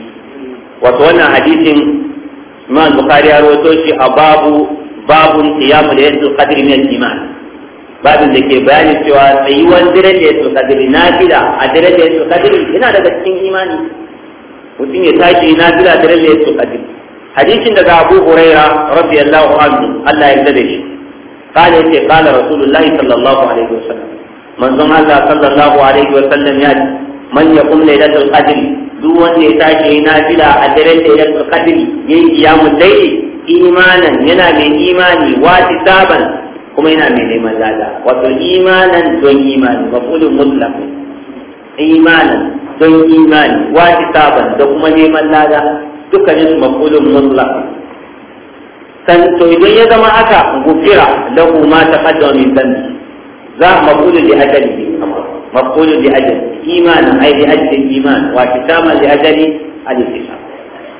wato wannan hadisin Imam Bukhari ya rawaito shi a babu babun qiyamul laylatul qadri min al-iman babin da ke bayani cewa tsayuwar dare da yasul qadri nafila a dare da yasul qadri yana daga cikin imani mutum ya tashi nafila dare da yasul qadri hadisin daga Abu Huraira radiyallahu anhu Allah ya yarda shi قال يتي قال رسول الله صلى الله عليه وسلم من ظن الله صلى الله عليه وسلم يأتي من يقوم ليلة القدر duk wanda ya tashi na nafila a daren da yadda kadiri ya yi kiyamun daidai imanan yana mai imani wasi saban kuma yana mai neman lada wato imanan don imani mafulun mutlaq imanan don imani wasi saban da kuma neman lada dukkanin mafulun mutlaq san to idan ya zama haka gufira lahu ma taqaddama min dhanbi za mafulun li ajali مفعول لأجل إيمانا أي لأجل الإيمان واتساما لأجل الاتسام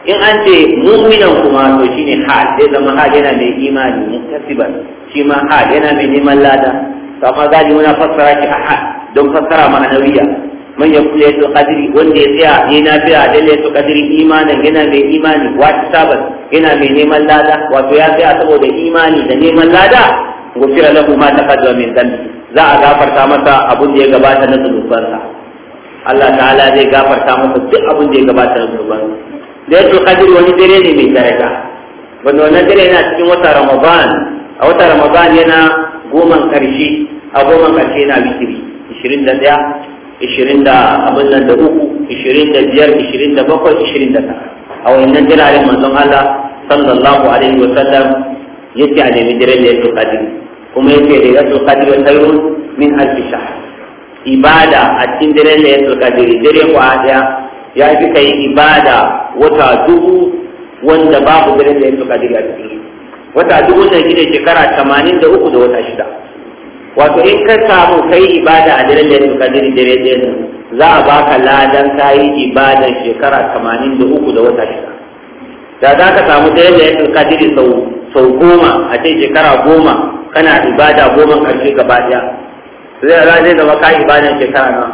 إن أنت مؤمنا كما توشيني حال إذا ما حال هنا من إيمان مكتسبا شما حال هنا من إيمان لادا فما قال هنا فسر أحد دون فسر معنوية من يقول ليس قدري وان يسيا هنا بيا ليس قدري إيمانا هنا من إيمان واتسابا هنا من إيمان لادا وفيا سيا سبو بإيماني لن إيمان لادا غفر له ما تقدم من ذنبه za a gafarta masa abin da ya gabata na zunubansa Allah ta'ala zai gafarta masa duk abin da ya gabata na zunubansa lailatul qadr wani dare ne mai daraja wanda wannan dare yana cikin wata ramadan a wata ramadan yana goman karshe a goman karshe yana da 21 ishirin da abin nan da uku ishirin da biyar ishirin da bakwai ishirin da tara a wannan jiragen manzon Allah sallallahu alaihi wa sallam yake a nemi jiragen da ya tuka jini kuma yace lailatul qadri khairun min alf shahr ibada a cikin daren lailatul qadri dare ko daya ya fi kai ibada wata dubu wanda babu daren lailatul qadri a cikin wata dubu na gida shekara 83 da wata shida wato in ka samu kai ibada a daren lailatul qadri dare ɗaya za a baka ladan kayi ibadan shekara 83 da wata shida da za ka samu daren lailatul qadri sau sau goma a ce shekara goma kana ibada goma karshe gaba daya zai ra zai zama ka ibadan shekara na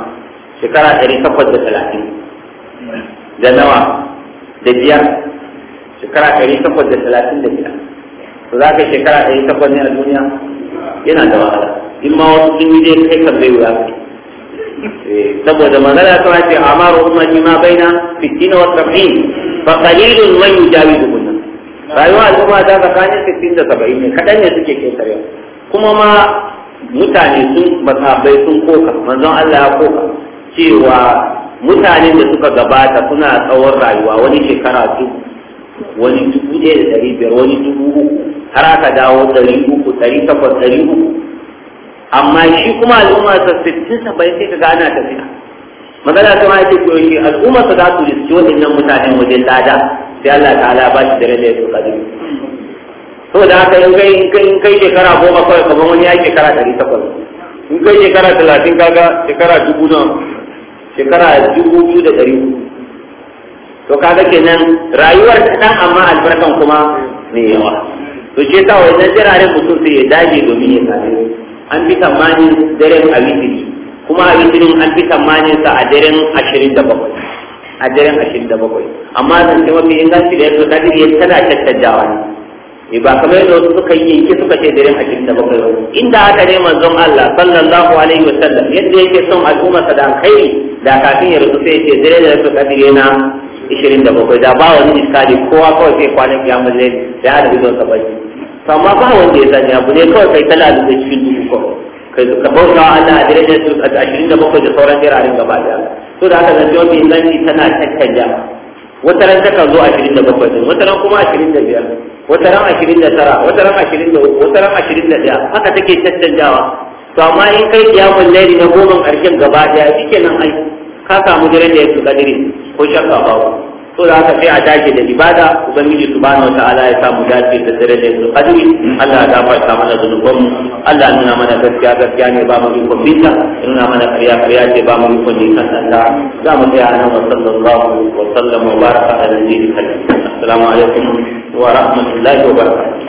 shekara ɗari takwas da talatin da nawa da biyar shekara ɗari takwas da talatin da biyar to za ka shekara ɗari takwas ne a duniya yana da wahala in ma wasu sun yi dai kai kan bai wuya eh, saboda magana ta ce amaru ummati ma baina sittin wa sab'in fa qalilun man yujawidu kunna rayuwa al'umma ta tsakanin sittin da saba'in ne kadan ne suke kai sarewa kuma ma mutane sun masabai sun koka manzon Allah ya koka cewa mutane da suka gabata suna tsawon rayuwa wani shekara su wani dubu ɗaya da ɗari biyar wani dubu uku har aka dawo ɗari uku ɗari takwas ɗari uku amma shi kuma al'umma ta sittin saba sai ka ga ana tafiya magana ta ma yake koyo shi al'umma ta za su riski waɗannan mutanen wajen lada sai Allah ta'ala ba shi da rage ya to da haka in kai in kai shekara goma kawai kamar wani ya yi shekara ɗari takwas in kai shekara talatin kaga shekara dubu nawa shekara dubu biyu da ɗari to kaga kenan rayuwar ɗan amma albarkan kuma mai yawa to ce ta wai nan jiraren mutum sai ya dage domin ya sami an fi tsammanin daren a kuma a an fi tsammanin sa a daren ashirin da bakwai a daren ashirin da bakwai amma zan ce mafi inganci da yanzu kadir ya tana tattajawa ne Eh, ba kamar yadda wasu suka yi yanki suka ce dare hakim da bakwai ba inda aka ne manzon Allah sallallahu alaihi wa sallam yadda yake son al'umma sa da alkhairi da kafin ya rusu sai ce dare da rasu kadire na ishirin da bakwai da ba wani iskali kowa kawai sai kwanan ya mulle da ya rubu don sabai amma ba wanda ya sani abu ne kawai kai tana da cikin duhu ko kai ka bauta Allah a dare da rasu ashirin da bakwai da sauran jirarin gaba daya to da haka zance wani inganci tana caccanja wata ran ta zo 27 da bakwai wata ran kuma 25 wata ran ashirin da tara wata ran ashirin da uku wata ran ashirin da ɗaya haka take cancanjawa to amma in kai kiyamun laili na goma ƙarshen gaba ɗaya shi nan ai ka samu daren da ya fi kadiri ko shakka ba to da haka sai a dace da ibada ubangiji subhanahu wataala ya samu dace da daren da ya fi kadiri Allah ya gafarta mana zunuban mu Allah nuna mana gaskiya gaskiya ne ba mu ikon binta ya nuna mana ƙarya ƙarya ce ba mu ikon nisan Allah za mu tsaya nan wa sallallahu wa sallam wa baraka ala nabiyyi assalamu alaikum wa rahmatullahi wa